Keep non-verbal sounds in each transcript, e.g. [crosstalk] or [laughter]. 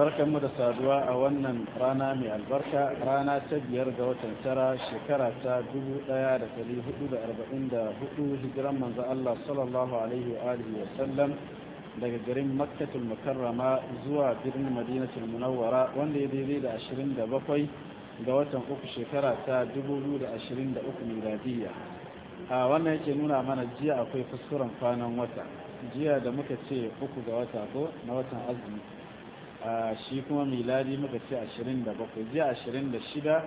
barkan mu da saduwa a wannan rana mai albarka rana ta biyar ga watan tara shekara ta dubu da 1444 hijiran manzo Allah sallallahu alaihi wa alihi wa sallam daga garin makkatul mukarrama zuwa birnin madinatul munawwara wanda ya daidai da 27 ga watan uku shekara ta 2023 miladiya a wannan yake nuna mana jiya akwai fuskuren kwanan wata jiya da muka ce uku ga wata ko na watan azumi shi kuma miladi muka ce 27 jiya 26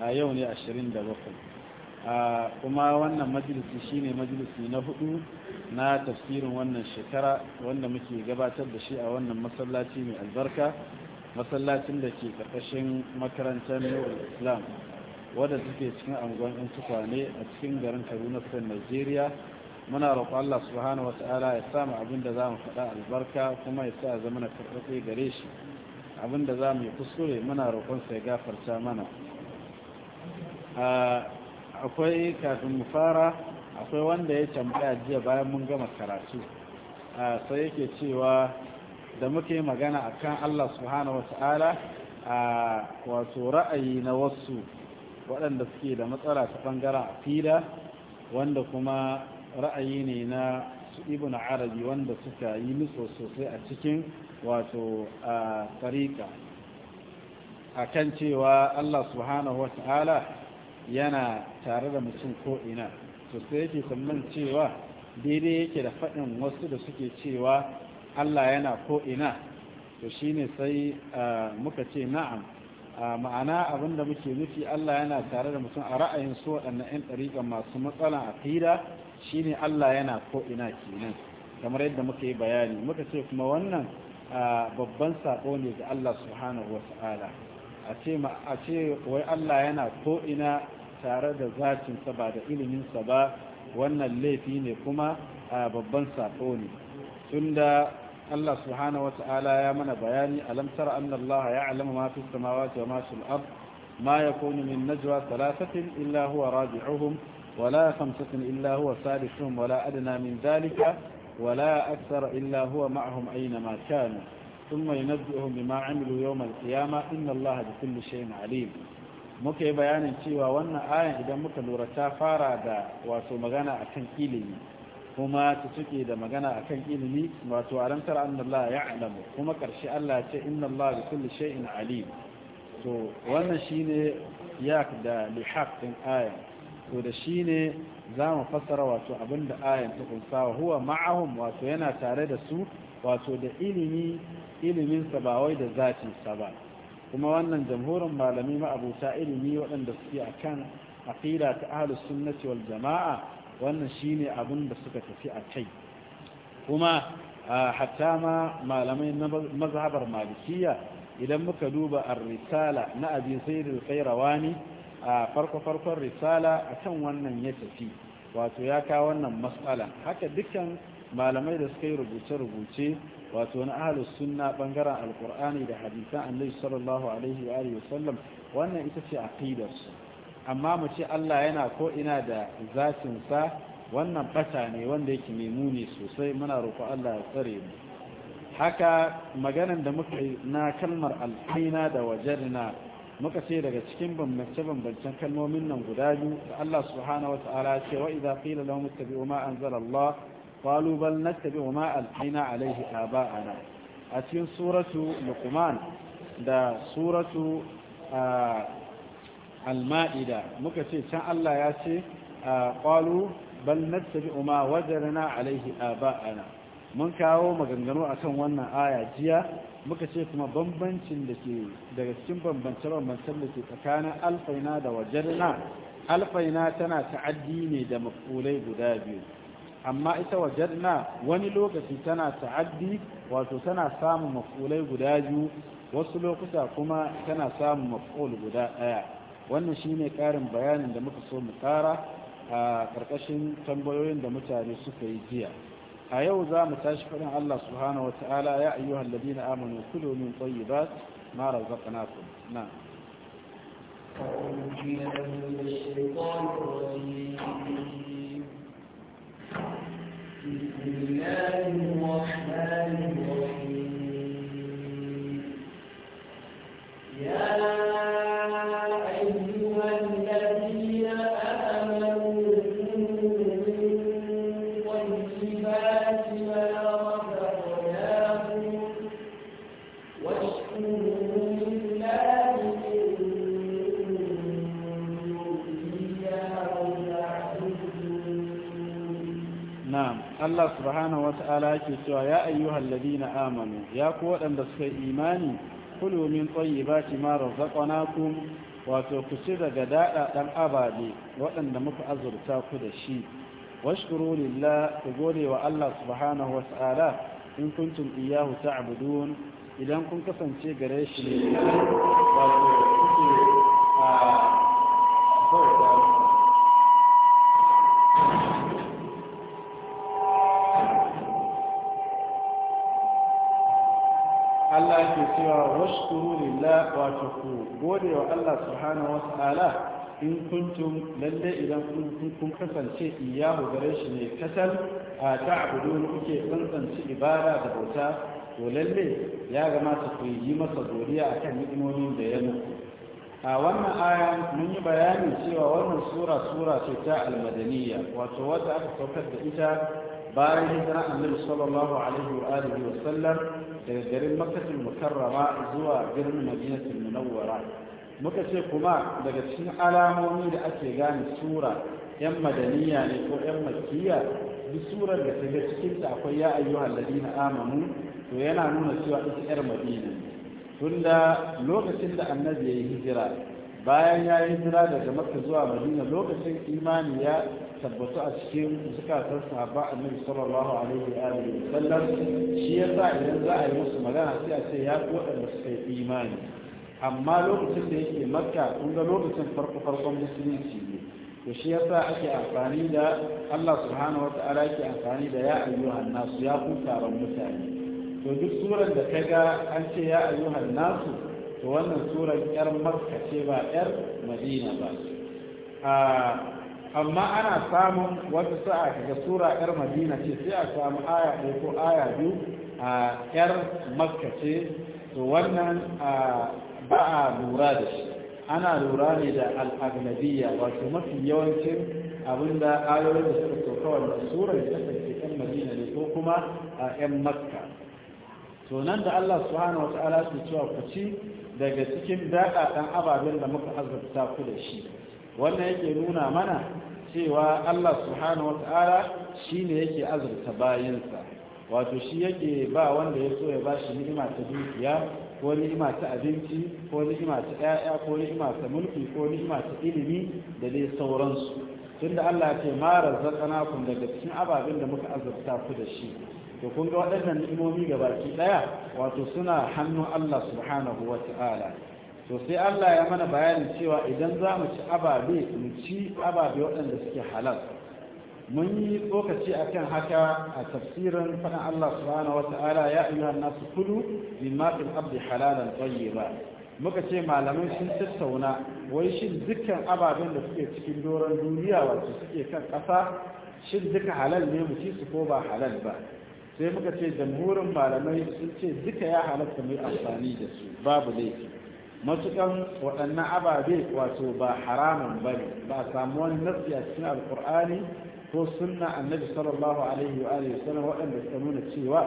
a yau ne 27 kuma wannan majalisi shine majalisi na hudu na tafsirin wannan shekara wanda muke gabatar da shi a wannan masallaci mai albarka masallacin da ke karkashin makarantar nuwar islam wadda suke cikin angon yan tukwane a cikin garin kaduna state nigeria muna roƙo Allah subhanahu wa ta'ala ya samu abin da za mu faɗa albarka kuma ya sa zama na karɓaɓe gare shi abin da za mu yi kuskure muna roƙonsa ya gafarta mana akwai kafin mu fara akwai wanda ya tambaya jiya bayan mun gama karatu sai yake cewa da muke magana akan Allah subhanahu wa ta'ala wato ra'ayi na wasu waɗanda suke da matsala ta ɓangaren fida wanda kuma ra'ayi ne na su ibn arabi wanda suka yi miso sosai a cikin wato a tsarika a kan cewa allah subhanahu wata'ala yana tare da mutum ko to sosai yake sannan cewa daidai yake da faɗin wasu da suke cewa allah yana ko ina. to shine sai muka ce na'am ma'ana abinda muke nufi allah yana tare da mutum a ra'ayin su waɗannan 'yan ɗariƙa masu matsala a aƙida shine Allah yana ko ina kenan kamar yadda muka yi bayani muka ce kuma wannan babban sako ne ga Allah subhanahu wata'ala a a ce wai Allah yana ko ina tare da zatin sa ba da ilimin sa ba wannan laifi ne kuma babban sako ne tunda Allah subhanahu wata'ala ya mana bayani alam tara anna ya ya'lamu ma fi samawati ma yakunu min najwa thalathatin illa huwa ولا خمسة إلا هو سادسهم ولا أدنى من ذلك ولا أكثر إلا هو معهم أينما كانوا ثم ينبئهم بما عملوا يوم القيامة إن الله بكل شيء عليم muke bayanin cewa wannan ayan idan muka lura ta fara da wato magana akan ilimi kuma ta suke da magana akan ilimi wato alamtar annallah ya alamu kuma karshe Allah ce inna Allah bi kulli shay'in alim to wannan shine yak da lihaq ɗin ayan to da shi ne za mu fassara wato abin da ayan ta kunsa wa huwa ma'ahum wato yana tare da su wato da ilimi iliminsa ba wai da zatinsa ba kuma wannan jamhurin malami ma'abuta ilimi waɗanda suke a kan aƙida ta ahalus sunnati wal jama'a wannan shine abin da suka tafi a kai kuma hatta ma malamai na mazhabar malikiya idan muka duba ar-risala na abi sayyid al-qayrawani a farko-farkon risala a kan wannan ya tafi wato ya kawo wannan matsala haka dukkan malamai da suka yi rubuce-rubuce wato na ahalus sunna bangaren alkur'ani da hadisan annabi sallallahu alaihi wa alihi wasallam wannan ita ce aqidar su amma mu ce Allah yana ko ina da zatin sa wannan bata ne wanda yake mai sosai muna roƙo Allah ya tsare mu haka maganan da muka yi na kalmar alhaina da wajarna muka ce daga cikin bambance-bambancen kalmomin nan guda biyu da Allah subhanahu wata'ala ce wa idza qila lahum ittabi'u ma anzalallah qalu bal nattabi'u ma alqina alayhi aba'ana a cikin suratu luqman da suratu al-ma'ida muka ce can Allah ya ce qalu bal nattabi'u ma wajadna alayhi aba'ana mun kawo maganganu a kan wannan aya jiya muka ce kuma bambancin da ke daga cikin bambance-bambancen da ke tsakanin alfaina da wajarna alfaina tana ta'addi ne da mafulai guda biyu amma ita na wani lokaci tana ta'addi wato tana samun mafulai guda biyu wasu lokuta kuma tana samun mafulai guda ɗaya wannan shi ne ƙarin bayanin da muka so mu tsara a ƙarƙashin tambayoyin da mutane suka yi jiya هايو ذا متاشفنا الله سبحانه وتعالى يا أيها الذين آمنوا كلوا من طيبات ما رزقناكم نعم أعوذ بالله من الشيطان subhanahu wata'ala yake cewa ya ayyuhal ladina amanu ya ku waɗanda suka yi imani kulu min tayyibati ma razaqnakum wato ku daga daɗa ɗan ababe waɗanda muka azurta ku da shi washkuru lillah ku gode wa Allah subhanahu wata'ala in kuntum iyyahu ta'budun idan kun kasance gare shi ne wato a cewa washkuru lillah wato ku gode wa Allah subhanahu wa ta'ala in kuntum lalle idan kun kasance iyahu gare shi ne kasal a ta'budun kuke tsantsanci ibada da bauta to lalle ya gamata ku yi masa godiya kan ni'imomin da ya muku a wannan aya mun yi bayanin cewa wannan sura sura ce ta almadaniya wato wadda aka saukar da ita bayan hijira annabi sallallahu alaihi wa alihi wa sallam daga garin makasin mukarrama zuwa birnin madinatul munawwara muka ce kuma daga cikin alamomi da ake gane sura yan madaniya ne ko yan makkiya duk surar da ta ga cikin ta akwai ya ayyuhal ladina amanu to yana nuna cewa ita yar madina tunda lokacin da annabi ya yi hijira bayan ya yi hijira daga makka zuwa madina lokacin imani ya tabbatu a cikin zukatan sahaba annabi sallallahu alaihi wa alihi sallam shi yasa idan za a yi musu magana sai a ce ya ku waɗanda suka yi imani amma lokacin da yake makka kun ga lokacin farko farkon musulunci ne to shi yasa ake amfani da Allah subhanahu wa ta'ala yake amfani da ya ayyuhan nasu ya ku taron mutane to duk suran da kaga an ce ya ayyuhan nasu to wannan suran yar makka ce ba yar madina ba ah, amma ana samun wata sa'a daga sura yar madina ce sai a samu aya ɗaya ko aya biyu a yar makka ce to wannan ba a lura da shi ana lura ne da al'aglabiya wato mafi yawancin abinda ayoyin da suka sauka wannan surar da kasance yan madina ne ko kuma a yan makka to nan da allah subhanahu wa ta'ala su cewa ku ci daga cikin daɗaɗan ababen da muka azurta ku da shi wannan yake nuna mana cewa Allah subhanahu ta'ala shine yake azurta bayansa wato shi yake ba wanda ya so ya ba shi ni'ima ta dukiya ko ni'ima ta abinci ko ni'ima ta 'ya'ya ko ni'ima ta mulki ko ni'ima ta ilimi da dai sauransu tunda Allah ce ma razaqnakum daga cikin ababen da muka azurta ku da shi to kun ga waɗannan ni'imomi gabaki ɗaya wato suna hannun Allah subhanahu ta'ala to sai Allah ya mana bayanin cewa idan za mu ci ababe mu ci ababe waɗanda suke halal mun yi tsokaci kan haka a tafsirin faɗin Allah subhanahu wa ta'ala ya ayyuhan nasu kulu mimma fil abdi halalan tayyiba muka ce malamai sun tattauna wai shin dukkan ababen da suke cikin doron duniya wato suke kan ƙasa shin duka halal ne mu ci su ko ba halal ba sai muka ce jamhurin malamai sun ce duka ya halatta mai amfani da su babu laifi matukan waɗannan ababe wato ba haramun ba ne ba a samu wani nasi a cikin alkur'ani ko sunna annabi sallallahu alaihi wa alihi wasallam waɗanda suka nuna cewa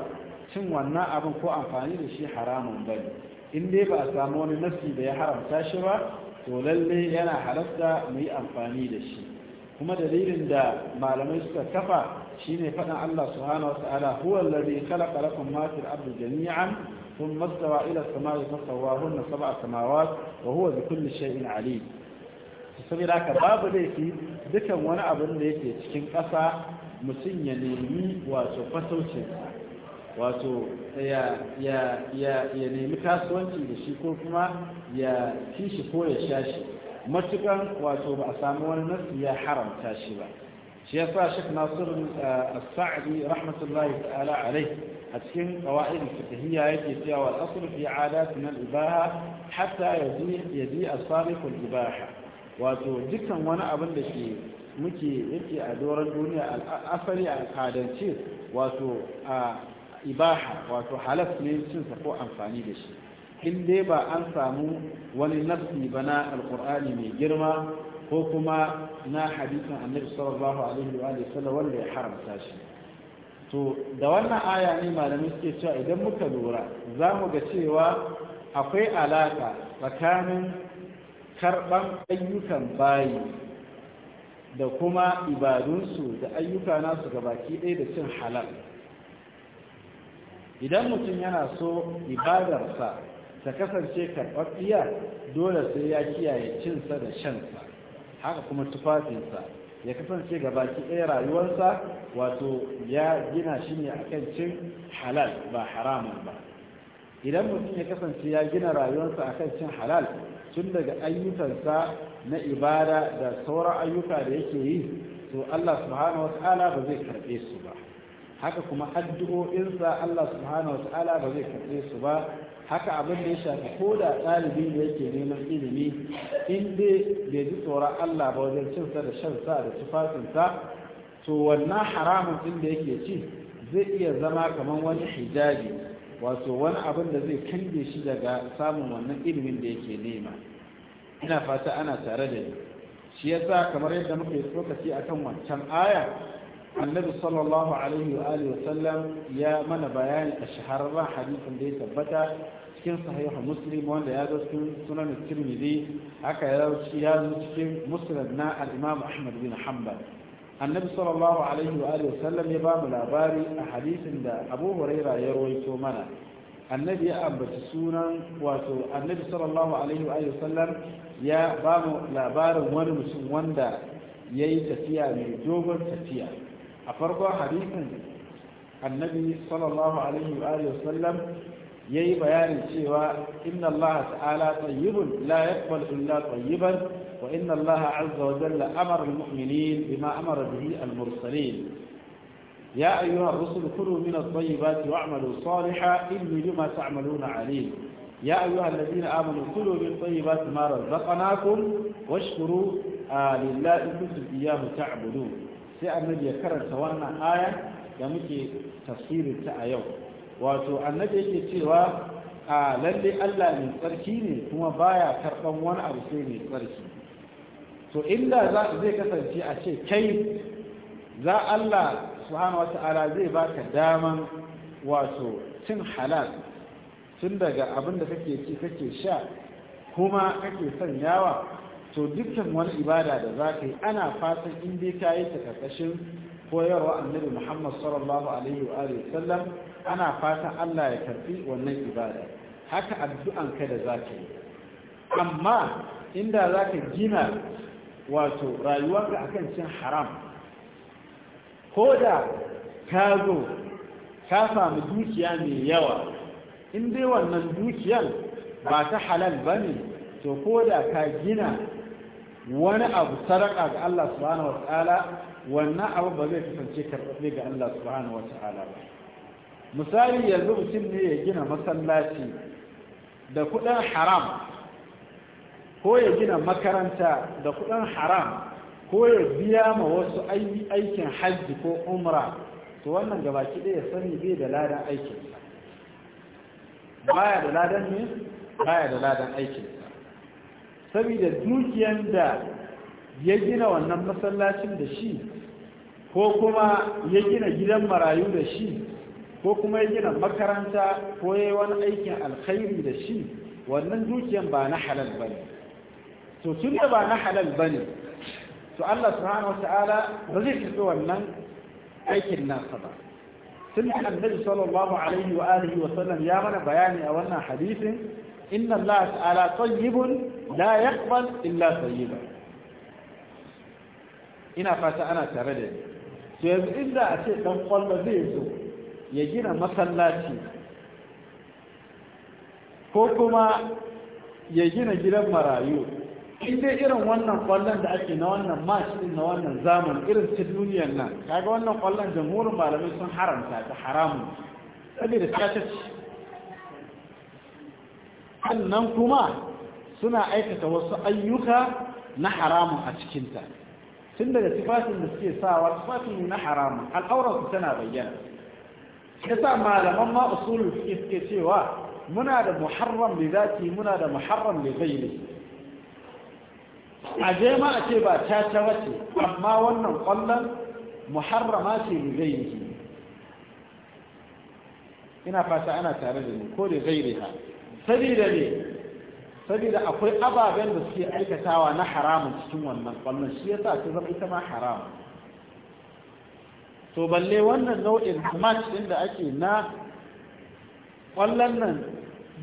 cin wannan abin ko amfani da shi haramun ba ne in dai ba a samu wani nasi da ya haramta shi ba to lalle yana halatta mu yi amfani da shi kuma dalilin da malamai suka kafa shine faɗin Allah subhanahu wa ta'ala huwa alladhi khalaqa lakum ma fil ardi jami'an ثم استوى إلى السماء فسواهن سبع سماوات وهو بكل شيء عليم da aka babu laifi dukan wani abin da yake cikin ƙasa mutum ya nemi wato fasaucinsa wato ya nemi kasuwanci da shi ko kuma ya ci shi ko ya sha shi matukan wato ba a sami wani nasi ya haramta shi ba shi ya sa shi nasirin as rahmatullahi ta'ala alaihi a cikin qawaid fiqhiyya yake cewa al asl fi adatina al ibaha hatta yazi yazi asabiq al ibaha wato dukkan wani abin da ke muke yake a doron duniya al asali al kadance wato a ibaha wato halas ne cin sa ko amfani da shi in dai ba an samu wani nafsi ba na alkur'ani mai girma ko kuma na hadisin annabi sallallahu alaihi wa sallam wanda ya haramta shi to da wannan aya ne malamai suke cewa idan muka lura za mu ga cewa akwai alaka tsakanin karɓan ayyukan bayi da kuma ibadunsu da ayyuka nasu baki ɗaya da cin halal idan mutum yana so ibadarsa ta kasance karɓaɓɓiya dole sai ya kiyaye cinsa da shansa haka kuma tufafinsa ya kasance gabaki ɗaya rayuwarsa wato ya gina shi ne a kan cin halal ba haramun ba idan mutum ya kasance ya gina rayuwarsa a kan cin halal tun daga ayyukansa na ibada da sauran ayyuka da yake yi to Allah subhanahu wata'ala ba zai karɓe su ba haka kuma addu'o'insa Allah subhanahu wata'ala ba zai karɓe su ba haka abin da ya shafi ko da ɗalibin da yake neman ilimi in dai bai ji tsoron Allah ba wajen cinsa da shan sa da tufafinsa to wannan haramun ɗin da yake ci zai iya zama kamar wani hijabi wato wani abin da zai kange shi daga samun wannan ilimin da yake nema ina fata ana tare da ni shi yasa kamar yadda muke yi tsokaci akan wancan aya annabi sallallahu alaihi wa wa sallam ya mana bayani a shahararren hadisin da ya tabbata cikin sahihu muslim wanda ya zo cikin sunan tirmidhi haka ya zo cikin musnad na al-imam ahmad bin hanbal annabi sallallahu alaihi wa alihi wasallam ya ba mu labari a hadisin da abu huraira ya rawaito mana annabi ya ambaci sunan wato annabi sallallahu alaihi wa alihi wasallam ya ba mu labarin wani mutum wanda ya yi tafiya mai dogon tafiya a farkon hadisin annabi sallallahu alaihi wa alihi wasallam ya yi bayanin cewa inna Allah ta'ala tayyibun la yaqbal illa tayyiban wa inna Allah azza wa jalla amara almu'minin bima amara bihi almursalin ya ayyuha rusul kulu min at-tayyibati wa'malu salihan inni bima ta'maluna alim ya ayyuha alladhina amanu kulu min at-tayyibati ma razaqnakum washkuru ah, lillahi in kuntum iyyahu ta'budun sai annabi ya karanta wannan aya da muke tafsirin a yau wato annabi yake cewa a lalle Allah mai tsarki ne kuma baya karban wani abu sai mai tsarki to inda za zai kasance a ce kai za Allah subhanahu zai zai baka daman wato cin halal tun daga abin da kake ci kake sha kuma kake son yawa to dukkan wani ibada da za ka yi ana fatan in dai ka yi ta karkashin koyarwa annabi Muhammad sallallahu alaihi wa sallam ana fatan Allah ya karfi wannan ibada haka addu'an ka da zaka yi amma inda zaka gina wato rayuwarka akan cin haram ko da ka zo ka samu dukiya mai yawa in dai wannan dukiyar ba ta halal ba ne to ko da ka gina wani abu saraka ga Allah subhanahu wa wannan abu ba zai kasance karɓaɓɓe ga Allah subhanahu wa ba misali yanzu mutum ne ya gina masallaci da kudin haram ko ya gina makaranta da kudin haram ko ya biya ma wasu aikin hajji ko umra to wannan gabaki ɗaya ya sani bai da ladan aikinsa baya da ladan ne baya da ladan aikinsa saboda dukiyan da ya gina wannan masallacin da shi ko kuma ya gina gidan marayu da shi ko kuma ya gina makaranta ko ya yi wani aikin alkhairi da shi wannan dukiyan ba na halal ba ne to tun da ba na halal ba ne to Allah subhanahu wa ta'ala ba zai tafi wannan aikin nasa ba tun da annabi sallallahu alaihi wa alihi wa sallam ya mana bayani a wannan hadisin inna Allah ta'ala tayyibun la yaqbal illa tayyiba ina fata ana tare da ni to yanzu inda a ce dan kwallo zai zo ya gina masallaci ko kuma ya gina gidan marayu in dai irin wannan kwallon da ake na wannan mashi din na wannan zaman irin ta duniyar nan kaga wannan kwallon jamhurin malamai sun haramta ta haramun saboda ta ce sannan kuma suna aikata wasu ayyuka na haramun a cikinta tun daga tufafin da suke sawa tufafin na haramun al'aurarsu tana bayyana yasa malaman ma usulul fiqh suke cewa muna da muharram li zati muna da muharram li ghairi a je ma a ce ba ta ta wace amma wannan kwallon muharrama ce li ghairi ina fata ana tare da ni ko da ghairi ha sabida ne sabida akwai ababen da suke aikatawa na haramun cikin wannan kwallon shi yasa ta zama ita ma haramun to balle wannan nau'in match din da ake na kwallon nan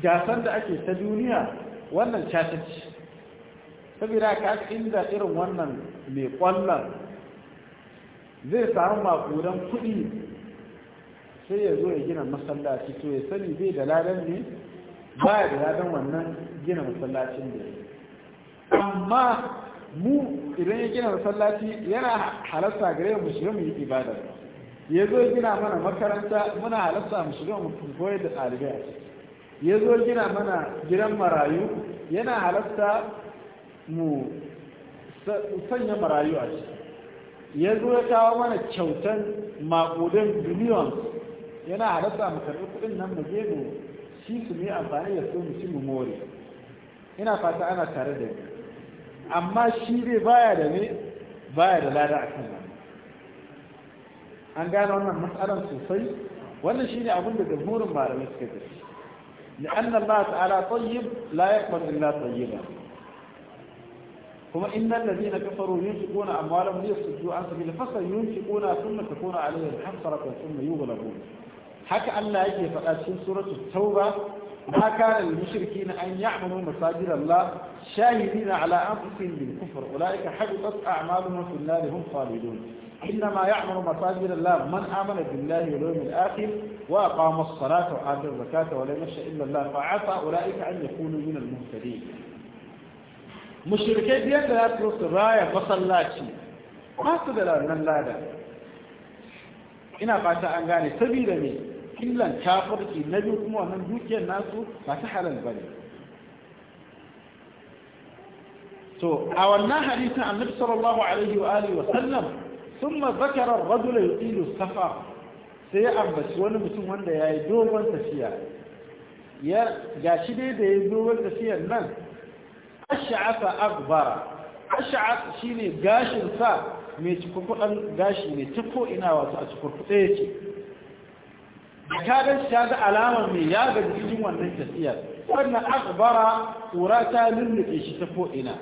gasar da ake ta duniya wannan chatacci saboda ka inda irin wannan mai kwallon zai samu makudan kuɗi sai ya zo ya gina masallaci to ya sani zai da ladan ne ba da ladan wannan gina masallacin da ya amma mu idan ya gina masallaci yana halarta gare mu shiga mu yi ibada ya zo gina mana makaranta muna halarta mu shiga mu koyar da ɗalibai ya zo gina mana gidan marayu yana halarta mu sanya marayu a ciki ya zo ya kawo mana kyautan maƙudan biliyon yana halarta mu karɓi kuɗin nan mu je mu shi su ne amfani da su mu ci mu more ina fata ana tare da ni amma shi dai baya da ne baya da lada akan nan an gane wannan matsalar sosai wannan shine abin da jamhurin malamai suka tafi لأن الله تعالى طيب لا يقبل إلا طيبا كما إن الذين كفروا ينفقون أموالهم ليصدوا عن سبيل فصل ينفقون ثم تكون عليهم حسرة ثم يغلبون حكى أن لا يجي فقال سورة التوبة ما كان للمشركين أن يعملوا مساجد الله شاهدين على أنفسهم بالكفر أولئك حدثت أعمالهم في النار هم خالدون إنما يعمر مساجد الله من آمن بالله واليوم الآخر وأقام الصلاة وآتى الزكاة ولا يخشى إلا الله فعسى أولئك أن يكونوا من المهتدين مشركين دي da ya turo su raya masallaci ba su da wannan lada ina fata illan kafirci na biyu kuma wannan dukiyar nasu ba ta halal ba ne to a wannan hadisin annabi sallallahu alaihi wa alihi wa sallam thumma zakara ar-rajul yutilu safar sai ya ambaci wani mutum wanda ya yi dogon tafiya ya gashi dai da ya yi dogon tafiyar nan ash'afa akbara ash'af shine gashin sa mai cikukudan gashi ne ta ina wato a cikin yake ta ga ta ga alamar mai ya ga jikin wannan tafiyar wannan akbara tura ta lulluɓe shi ta ko'ina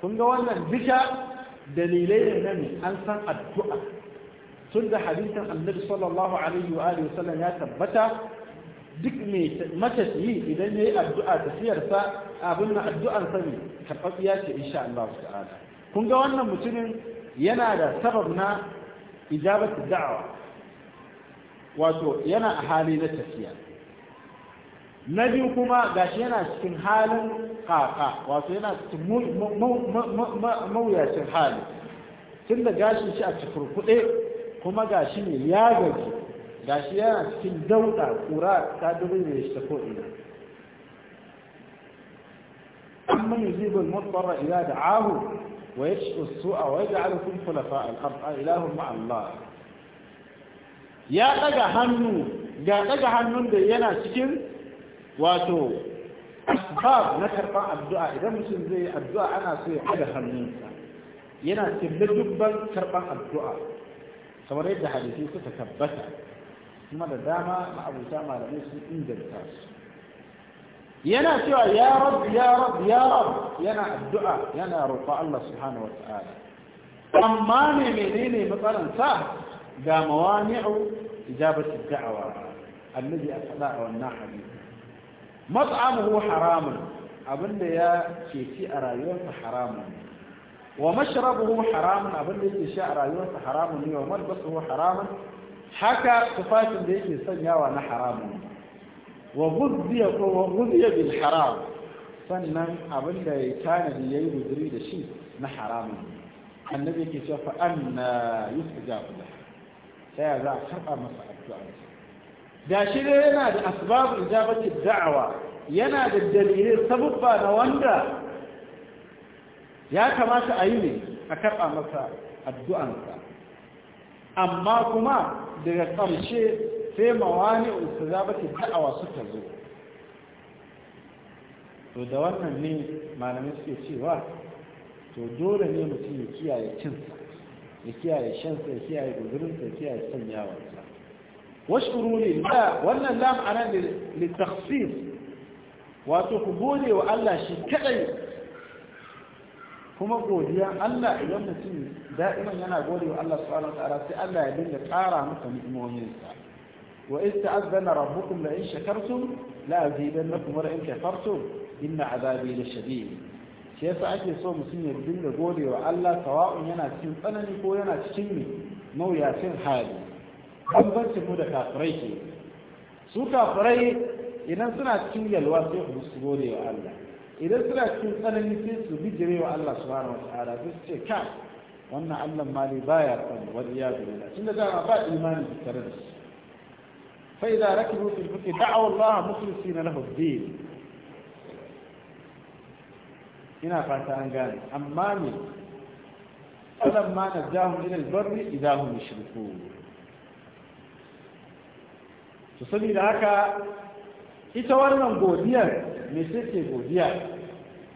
kun ga wannan duka dalilai da na an san addu'a tun da hadisin annabi sallallahu alaihi wa alihi wasallam ya tabbata duk mai matafiyi idan ya yi addu'a tafiyarsa abin na addu'arsa ne ya ce insha Allah ta'ala kun ga wannan mutumin yana da sabab na ijabat da'awa wato yana a hali na tafiya na biyu kuma gashi yana cikin halin kaka wato yana cikin mawuyacin hali tun da gashi shi a cifurkuɗe kuma gashi ne ya gaji gashi yana cikin dauɗa ƙura ta dubu ne ta ko'ina amma yuzibul mutsara ila ahu? wa yashqu as-su'a wa yaj'alukum khulafa al-ard ilahu ma'a Allah ya ɗaga hannu ga ɗaga hannun da yana cikin wato asbab na karɓar addu'a idan mutum zai addu'a ana so ya ɗaga hannunsa yana cikin dubban karɓar addu'a kamar yadda hadisi suka tabbata kuma da dama ma'abuta malamai sun inganta su yana cewa ya rab ya rab ya rab yana addu'a yana roƙa Allah subhanahu ta'ala. amma ne menene matsalansa ga mawani'u ijabati da'awa allazi asada a wannan hadisi mat'amuhu haramun abinda ya ceci a rayuwarsa haramun wa mashrabuhu haramun abinda yake sha a rayuwarsa haramun ne wa malbasuhu haramun haka tufafin da yake sanyawa na haramun wa guziya bil haram sannan abinda ya tanadi yayi guduri da shi na haramun annabi yake cewa fa anna yustajabu lahu ta ya za a karɓa masa addu'a da shi dai yana da asbabu ijabati da'awa yana da dalilai sabubba na wanda ya kamata a yi ne a karɓa masa addu'ansa amma kuma daga ƙarshe sai mawani ijabati da'awa suka zo to da wannan ne malamin suke cewa to dole ne mutum ya kiyaye cinsa ya kiyaye shansa ya kiyaye guzurinsa ya kiyaye sanyawarsa washkuru lillah wannan lam anan litakhsis wato ku gode wa Allah shi kadai kuma godiya Allah idan mutum da'iman yana gode wa Allah subhanahu wa ta'ala sai Allah ya dinga tsara masa ni'imominsa wa iz ta'azzana rabbukum la in shakartum la azidannakum wa la in kafartum inna azabi lashadid shi yasa ake so mutum ya dinga gode wa Allah sawa'un yana cikin tsanani ko yana cikin ne mawuyacin hali bambancin mu da kafirai ke su kafirai idan suna cikin yalwa sai ku su gode wa Allah idan suna cikin tsanani sai su bijire wa Allah subhanahu wataala sai su ce ka wannan Allah mali baya san wani ya da tunda da ba imani tare da su fa idza rakibu fil fulki da'u Allah mukhlisina lahu din ina fata an gane amma ne alam ma na jahun ilal barri idahun shirku to saboda haka ita wannan godiyar me ce godiya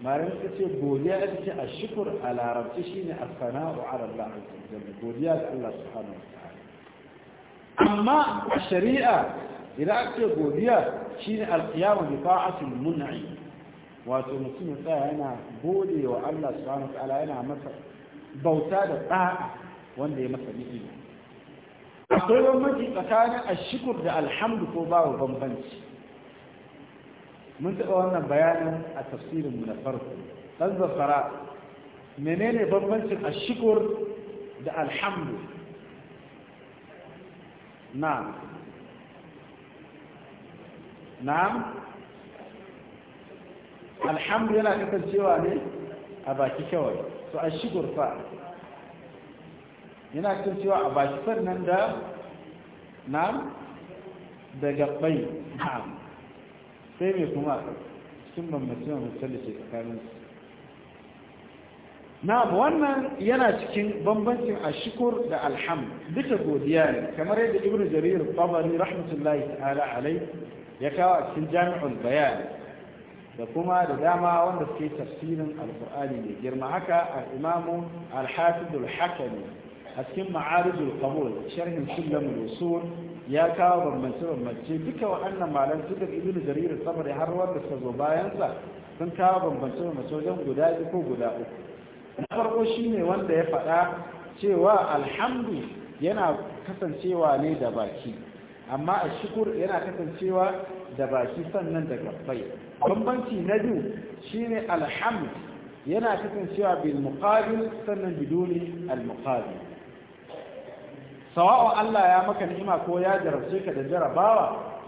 malam ita ce godiya ita ce a shukur a larabci shine a sana'u ala Allah godiya ga Allah subhanahu wa ta'ala amma a shari'a idan aka ce godiya shine alqiyamu bi ta'atil mun'i wato mutum ya tsaya yana gode wa Allah subhanahu ta'ala yana masa bauta da da'a wanda ya masa ni'ima akwai bambanci tsakanin ashikur da alhamdu ko babu bambanci mun taɓa wannan bayanin a tafsirin mu na farko dan zafara menene bambancin ashikur da alhamdu Na na? alhamdu yana kasancewa ne a baki kawai to a shigur fa yana kasancewa a baki sannan da na da gabbai na'am sai mai kuma cikin bambancin mutum da ke tsakaninsu na wannan yana cikin bambancin a shikur da alham duka godiya ne kamar yadda ibn jarir tabari rahmatullahi ta'ala alai ya kawo a cikin jami'ul bayan da kuma da dama wanda suke tafsirin alkur'ani mai girma haka alimamu alhafizul hakami a cikin ma'arijul qabul sharhin sulamul usul ya kawo bambance bambance duka waɗannan malan su da jarir sabari har wanda suka zo sun kawo bambance bambance wajen guda biyu ko guda uku na farko shine wanda ya faɗa cewa alhamdu yana kasancewa ne da baki amma a ashukur yana kasancewa da baki sannan da gabbai bambanci na biyu shine alhamd yana kasancewa bil muqabil sannan biduni al muqabil sawa'u Allah ya maka ni'ima ko ya jarabce ka da jarabawa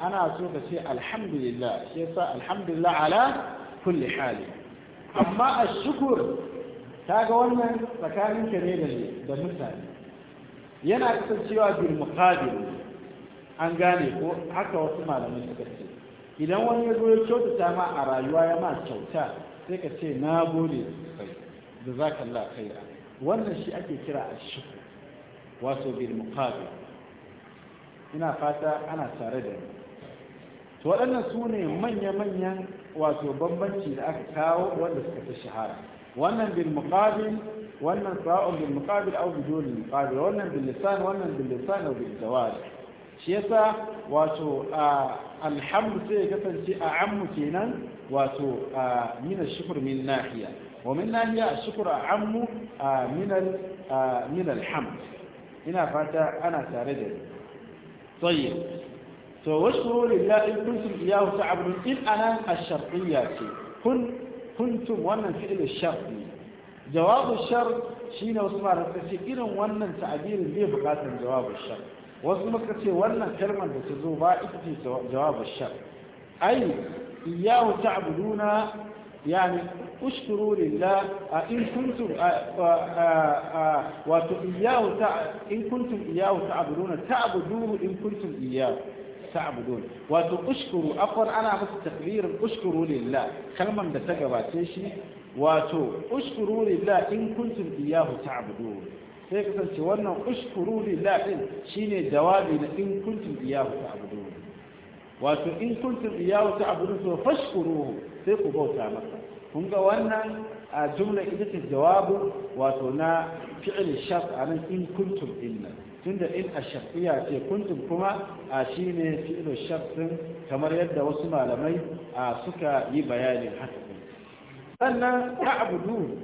ana so ka ce alhamdulillah shi yasa alhamdulillah ala kulli hali amma ashkur kaga wannan tsakanin ka ne da da mutane yana kasancewa bil muqabil an gane ko haka wasu malamai suka ce idan wani ya zo ya kyautata ma a rayuwa ya ma kyauta sai ka ce na gode da za ka la wannan shi ake kira a shi wato bil muqabil ina fata ana tare da ni to waɗannan su ne manya-manyan wato bambanci da aka kawo wanda suka fi shahara wannan bil muqabil wannan sa'un bil muqabil au bidul muqabil wannan bil lisan wannan bil lisan au bil jawab shi yasa wato alhamdu sai kasance a ammu kenan wato min shukur min nahiya wa min nahiya shukur a ammu a al min alhamd ina fata ana tare da ni tayyib to washkuru lillahi in kuntum iyyahu ta'budun in anan ash-shartiyya ce kun kuntum wannan fi'il sharɗi jawabin jawabu ash-shart shine wasu malamai ce irin wannan ta'abirin zai buƙatar jawabu shar. wasu muka ce wannan kalmar da ta zo ba ita ce jawabin shar ai iyahu ta'buduna yani ushkuru lillah a in kuntum wato iyahu ta in kuntum iyahu ta'buduna ta'buduhu in kuntum iyahu تعبدون وتشكروا أقول أنا بس تقرير أشكروا لله كلمة بتجا باتيشي وتشكروا لله in كنتم إياه تعبدون sai kasance wannan uskuru lillah shine jawabi na in kuntum iyahu ta'budun wato in kuntum iyahu ta'budun to fashkuruhu sai ku bauta masa kun ga wannan a jumla ita ce jawabu wato na fi'il shart nan in kuntum illa tunda in a shafiya ce kuntum kuma a shine fi'il shart kamar yadda wasu malamai a suka yi bayani haka sannan ta'budu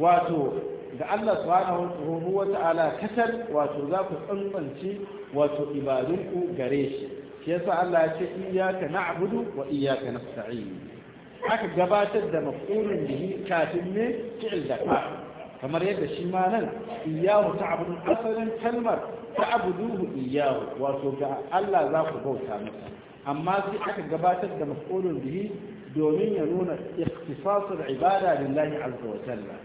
wato da Allah subhanahu wa ta'ala katar wato za ku tsantsance wato ibadunku gare shi shi yasa Allah ya ce iyyaka na'budu wa iyyaka nasta'in aka gabatar da maf'ulun bihi kafin ne fi'il da fa kamar yadda shi ma nan iyyahu ta'budu asalin kalmar ta'buduhu iyyahu wato ga Allah za ku bauta masa amma sai aka gabatar da maf'ulun bihi domin ya nuna ikhtisasul ibada lillahi azza wa jalla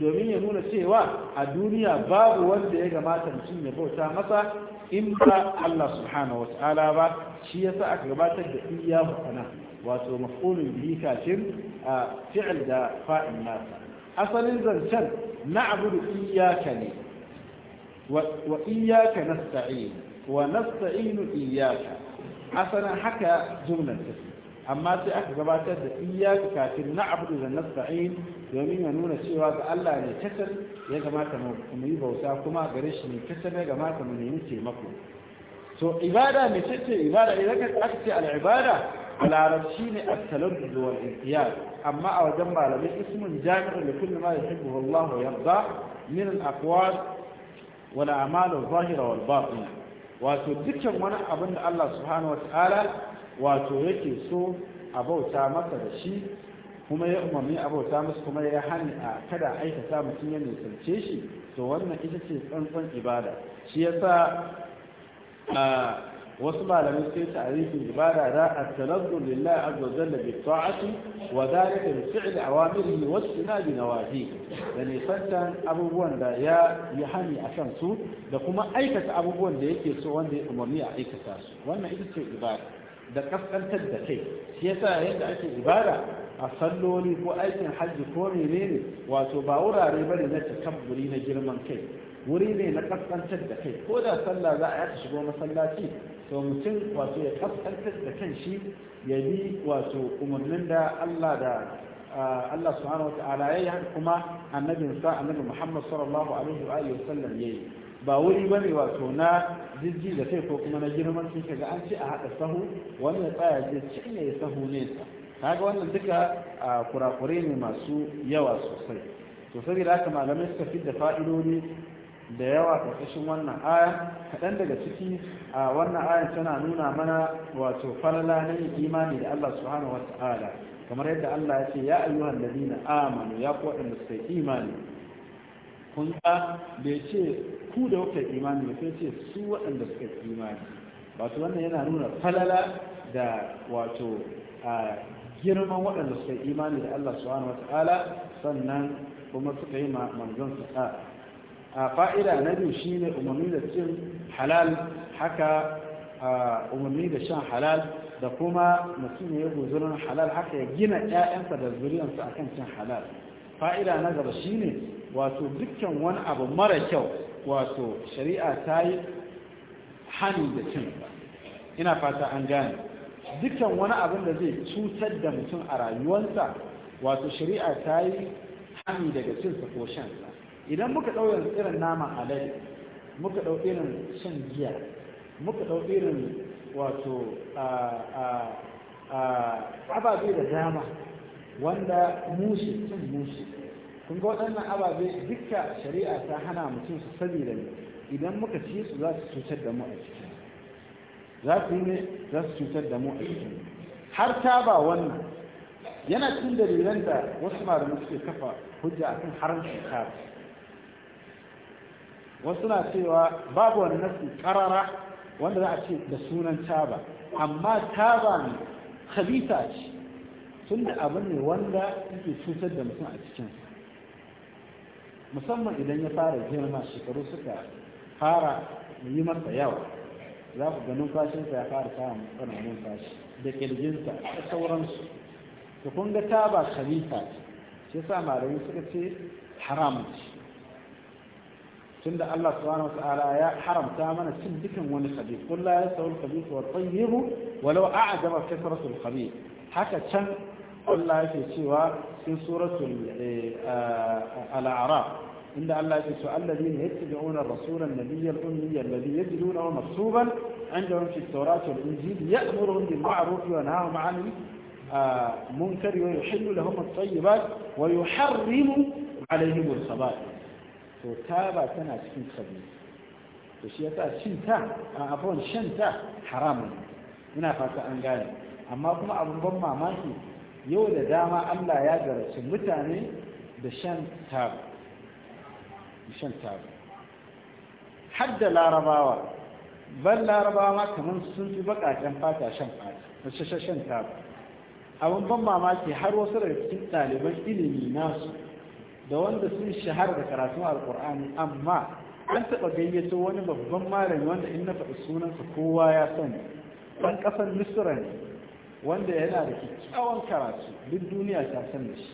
domin ya nuna cewa a duniya babu wanda ya gamata mutum ya bauta masa in ba Allah subhanahu wata'ala ba shi yasa aka gabatar da iyahu ana wato maf'ulun bihi kafin a fi'il da fa'il nasa asalin zancen na'budu iyaka ne wa iyaka nasta'in wa nasta'inu asalin haka jumlar take amma sai aka gabatar da iyaka kafin na abu da nasta'in domin ya nuna cewa ga Allah ne kasar ya kamata mu yi bauta kuma gare shi ne kasar ya kamata mu nemi taimako to ibada mai tace ibada idan ka aka ce al'ibada a larabci ne a talabbuz amma a wajen malamai ismun jami'u da kullu ma yuhibbu Allah wa yarda min al-aqwal wal zahira wal wato dukkan wani abin da Allah subhanahu wa ta'ala wato yake so a bauta masa da shi kuma ya umarni a bauta masa kuma ya hani a kada aikata mutum ya nisance shi to wannan ita ce tsantsan ibada shi ya sa wasu malamai sai tarihin ibada da a talazzul lillahi azza wa jalla bi ta'ati wa dhalika bi fi'li awamirihi wa istinabi nawahi da ne abubuwan da ya yi hani akan su da kuma aikata abubuwan da yake so wanda ya umarni a aikata su wannan ita ce ibada da kaskantar da kai shi yasa yadda ake ibada a salloli ko aikin hajji ko menene wato ba wurare bane na takabburi na girman kai wuri ne na kaskantar da kai ko da sallah za a yaka shigo masallaci to mutum wato ya kaskantar da kan shi ya bi wato umarnin da Allah da Allah subhanahu wa ta'ala ya yi kuma annabinsa annabi Muhammad sallallahu alaihi wa sallam yayi ba wuri ba ne wato na jirgi da sai ko kuma na girman sun kaga an ce a haɗa sahu wani ya tsaya ya ne ya sahu nesa kaga wannan duka a kurakure ne masu yawa sosai to da aka malamai suka fi da fa'idodi da yawa ƙarƙashin wannan aya kaɗan daga ciki a wannan aya tana nuna mana wato falala na imani da Allah subhanahu wa ta'ala kamar yadda Allah ya ce ya ayyuhan ladina amanu ya ku waɗanda suka yi imani kun da ya ce ku da kuka imani da sai ce su waɗanda suka imani wato wannan yana nuna falala da wato a girman waɗanda suka imani da Allah wani wata'ala sannan kuma suka yi manzon su a fa'ida na biyu ne umarni da cin halal haka umarni da shan halal da kuma mutum ya guzurin halal haka ya gina 'ya'yansa da zuriyarsa akan cin halal fa'ida na gaba ne. wato dukkan wani abu mara kyau wato shari'a ta yi hannu da cin ina fata an gane dukkan wani abin da zai cutar da mutum a rayuwarsa wato shari'a ta yi hannu daga cinsa ko shansa idan muka ɗauyar irin naman alai muka ɗau irin shan giya muka ɗau irin wato ababe da dama wanda mushi cin mushi kun ga waɗannan ababe dukka shari'a ta hana mutum su sani da idan muka ci su za su cutar da mu a cikin za su yi ne za su cutar da mu a cikin har ta ba wannan yana cikin dalilan da wasu malamai suke kafa hujja akan haramcin taba wasu na cewa babu wani nasi karara wanda za a ce da sunan taba amma taba ne khabita ce tun da abu ne wanda yake cutar da mutum a cikinsa musamman idan ya fara girma shekaru suka fara yi masa yawa za ku ga numfashinsa ya fara samun tsananin numfashi da kirjinsa da sauransu to kun ga ba khalifa ce sa malamai suka ce haram ce tunda Allah subhanahu wata'ala ya haramta mana cin dukan wani Khabi. Kullum ya yasawu al-khabith wa at walau a'jaba kathratu al haka can Allah yake cewa cikin suratul eh, al'araf inda Allah ya ce alladhina yattabi'una rasulan nabiyyal ummiyya alladhi yajidunahu maktuban عندهم في التوراة والإنجيل يأمرهم بالمعروف وينهاهم عن المنكر ويحل لهم الطيبات ويحرم عليهم الخبائث to taba tana cikin sabi to shi yasa cin ta a afon shan ta haramun ina fata an gane amma kuma abin ban mamaki yau da dama Allah ya garaci mutane da shan taba shan taba hadda larabawa ban larabawa ma kamar sun fi bakaken fata shan fata shan taba abin ban mamaki har wasu daga cikin ɗaliban ilimi nasu da wanda sun shahara da karatun alkur'ani amma an taɓa gayyato wani babban malami wanda in na faɗi sunansa kowa ya sani ɗan ƙasar misira ne wanda yana da kyakkyawan karatu duk duniya ta san da shi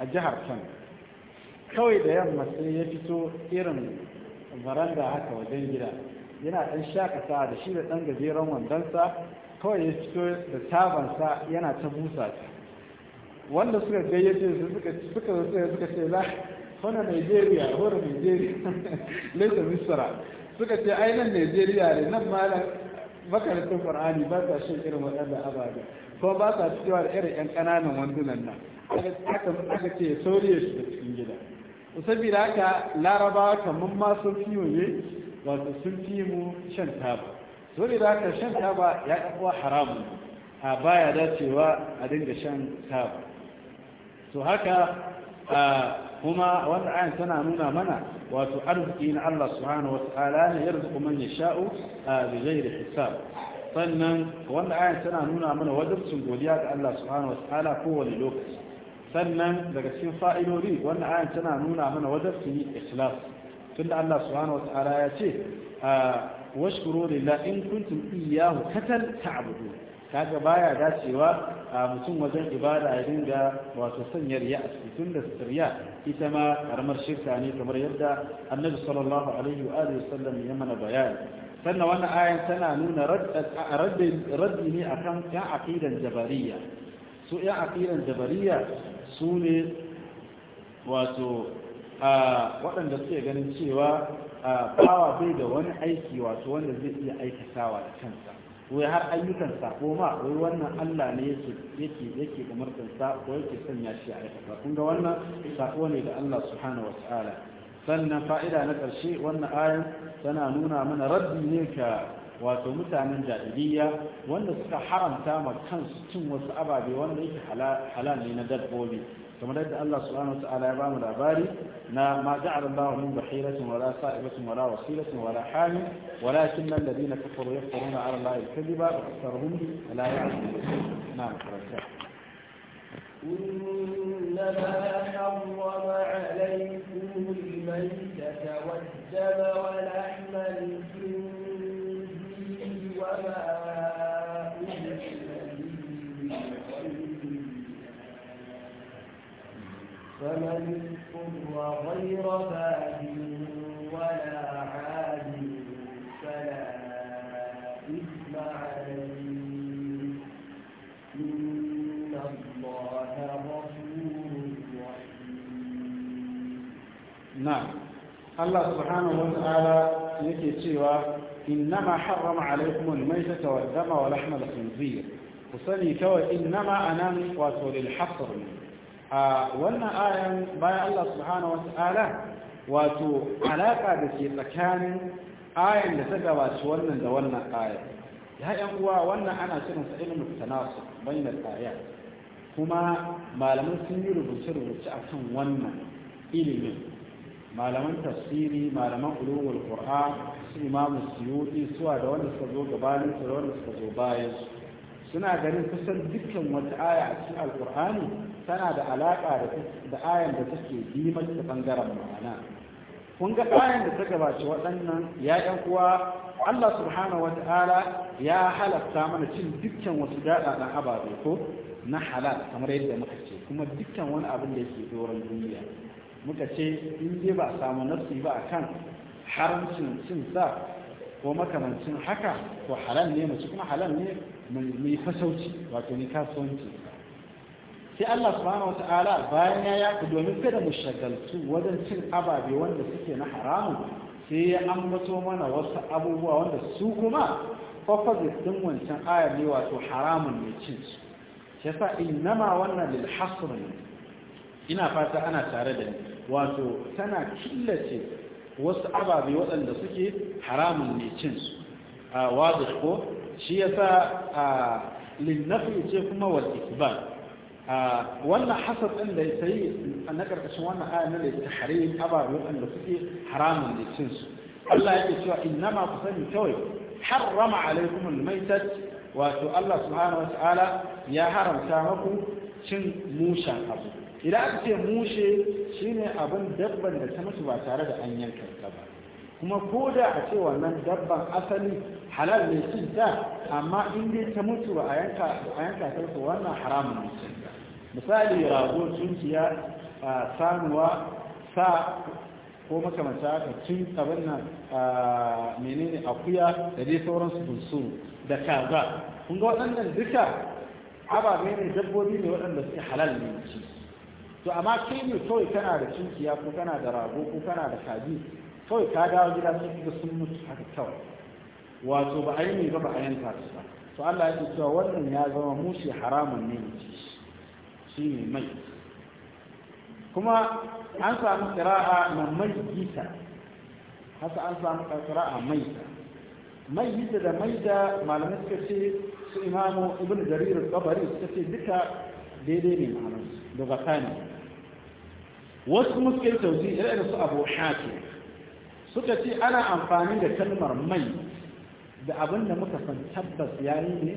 a jihar kano kawai da yamma sai ya fito irin baranda haka wajen gida yana ɗan shakata da shi da ɗan gajeren wandonsa kawai ya fito da tabansa yana ta busa ta wanda suka gayyace su suka suka suka ce za hona Nigeria hona Nigeria [laughs] laisa misra suka ce ai nan Nigeria ne nan malam makarantar ƙur'ani ba ta shi irin waɗanda ababe ko ba sa cewa da irin yan ƙananan wandunan nan aka aka ce sauri ya shiga cikin gida saboda haka larabawa kamar ma sun fi ne wato sun fi mu shan taba saboda haka shan taba ya ɗafuwa haramun a baya dacewa a dinga shan taba to haka kuma wanda ayan tana nuna mana wato arziki na Allah subhanahu wa ta'ala ne yarzuqu man yasha'u bi ghairi hisab sannan wanda ayan tana nuna mana wajibcin godiya ga Allah subhanahu wataala kowane lokaci sannan daga cikin fa'idodi wanda ayan tana nuna mana wajibcin ikhlas tunda Allah subhanahu wataala ya ce ah, washkuru lillahi in kuntum iyyahu katal ta'budun kaga baya dacewa a ah, mutum wajen ibada ya dinga wato sanya riya a cikin tunda riya ita ma karamar shirka ne kamar yadda annabi sallallahu alaihi wa alihi wasallam ya mana bayani sannan wannan ayan tana nuna raddi ne a kan ‘yan aƙidan jabariya su ‘yan aƙidan jabariya su ne wato waɗanda suke ganin cewa bawa bai da wani aiki wato wanda zai iya aikatawa da kansa wai har ayyukan sako ma wai wannan Allah ne yake yake umartar sa ko yake sanya shi a aikata kun ga wannan sako ne da Allah subhanahu wataala sannan fa'ida na ƙarshe wannan ayan tana nuna mana rabbi ne ka wato mutanen jahiliya wanda suka haramta ma kansu cin wasu ababe wanda yake halal ne na dabbobi kamar yadda Allah subhanahu wata'ala ya bamu labari na ma ja'ala Allah min bahiratin wala sa'ibatin wala wasilatin wala hami walakin alladhina kafaru yaftaruna 'ala Allah al-kadhiba wa aktharuhum la ya'lamun na'am karanta إنما حرم عليكم الميتة والدم الدم ولحم الخنزير وما فمن اضطر غير باغ ولا عاد فلا إثم عليه إن الله غفور رحيم نعم Allah subhanahu wa ta'ala yake cewa innama harrama alaikum almaitata wa dama wa lahma alkhinzir ku sani kawai innama anan wato lil hasr ne a wannan ayan bayan Allah subhanahu wa ta'ala wato alaka da ke tsakanin ayan da ta gabaci wannan da wannan ayan ya yan uwa wannan ana kiran sa ilmu tanasu bainal ayat kuma malaman sun yi rubuce-rubuce akan wannan ilimin malaman tafsiri malaman ulumul qur'an su imamu suyuti suwa da wanda suka zo gabanin su da wanda suka zo bayan su suna ganin kusan dukkan wata aya a cikin alqur'ani tana da alaka da ayan da take dimar ta bangaren ma'ana kun ga ayan da ta gabace waɗannan ya ƴan uwa Allah subhanahu wata'ala ya halatta mana cin dukkan wasu daɗaɗan ababe ko na halal kamar yadda muka ce kuma dukkan wani abin da yake doron duniya muka ce in dai ba samu nafsi ba kan haramcin cin sa ko makamancin haka ko halal ne mace kuma halal ne mai fasauci wato ni kasuwanci sai Allah subhanahu wata'ala bayan ya yaku domin kada mu shagaltu wajen cin ababe wanda suke na haramun sai ya ambato mana wasu abubuwa wanda su kuma opposite sun wancan ayar ne wato haramun mai cin su shi yasa innama wannan lil hasr ina fata ana tare da ni wato tana killace wasu ababe waɗanda suke haramun ne cinsu a wadda ko shi ya sa a linnafi ce kuma wadda ikbal wannan hasar ɗin da ta yi na ƙarƙashin wannan aya na laifin harin ababe waɗanda suke haramun ne cinsu Allah yake cewa innama ku sani kawai harrama alaikum almaitat wato Allah subhanahu wa ta'ala ya haramta maku cin mushan abu idan aka ce mushe shine abin dabban da ta mutu ba tare da an yanka ba kuma ko da a ce wannan dabban asali halal ne cin ta amma in dai ta mutu ba a yanka a ta ko wannan haramun ne ta misali rago tunkiya sanuwa sa ko makamanta haka cin abin nan menene akuya da dai sauransu bunsuru da kaza kun ga waɗannan duka ababe ne dabbobi ne waɗanda suke halal ne ci to amma kai ne kawai kana da cinkiya ko kana da rago ko kana da kaji kawai ka dawo gida sun ga sun mutu haka kawai wato ba a yi ne ba ba a yanka su ba to Allah ya ce cewa wannan ya zama mushi haramun ne shi ne mai kuma an samu qira'a na mai gita haka an samu qira'a mai mai gita da mai da malamai suka ce su imamu ibnu jarir al-qabari suka ce duka daidai ne ma'anarsu daga kani wasu muskin tauzi irin su abu shafi suka ce ana amfani da kalmar mai da abin da muka san tabbas ya yi ne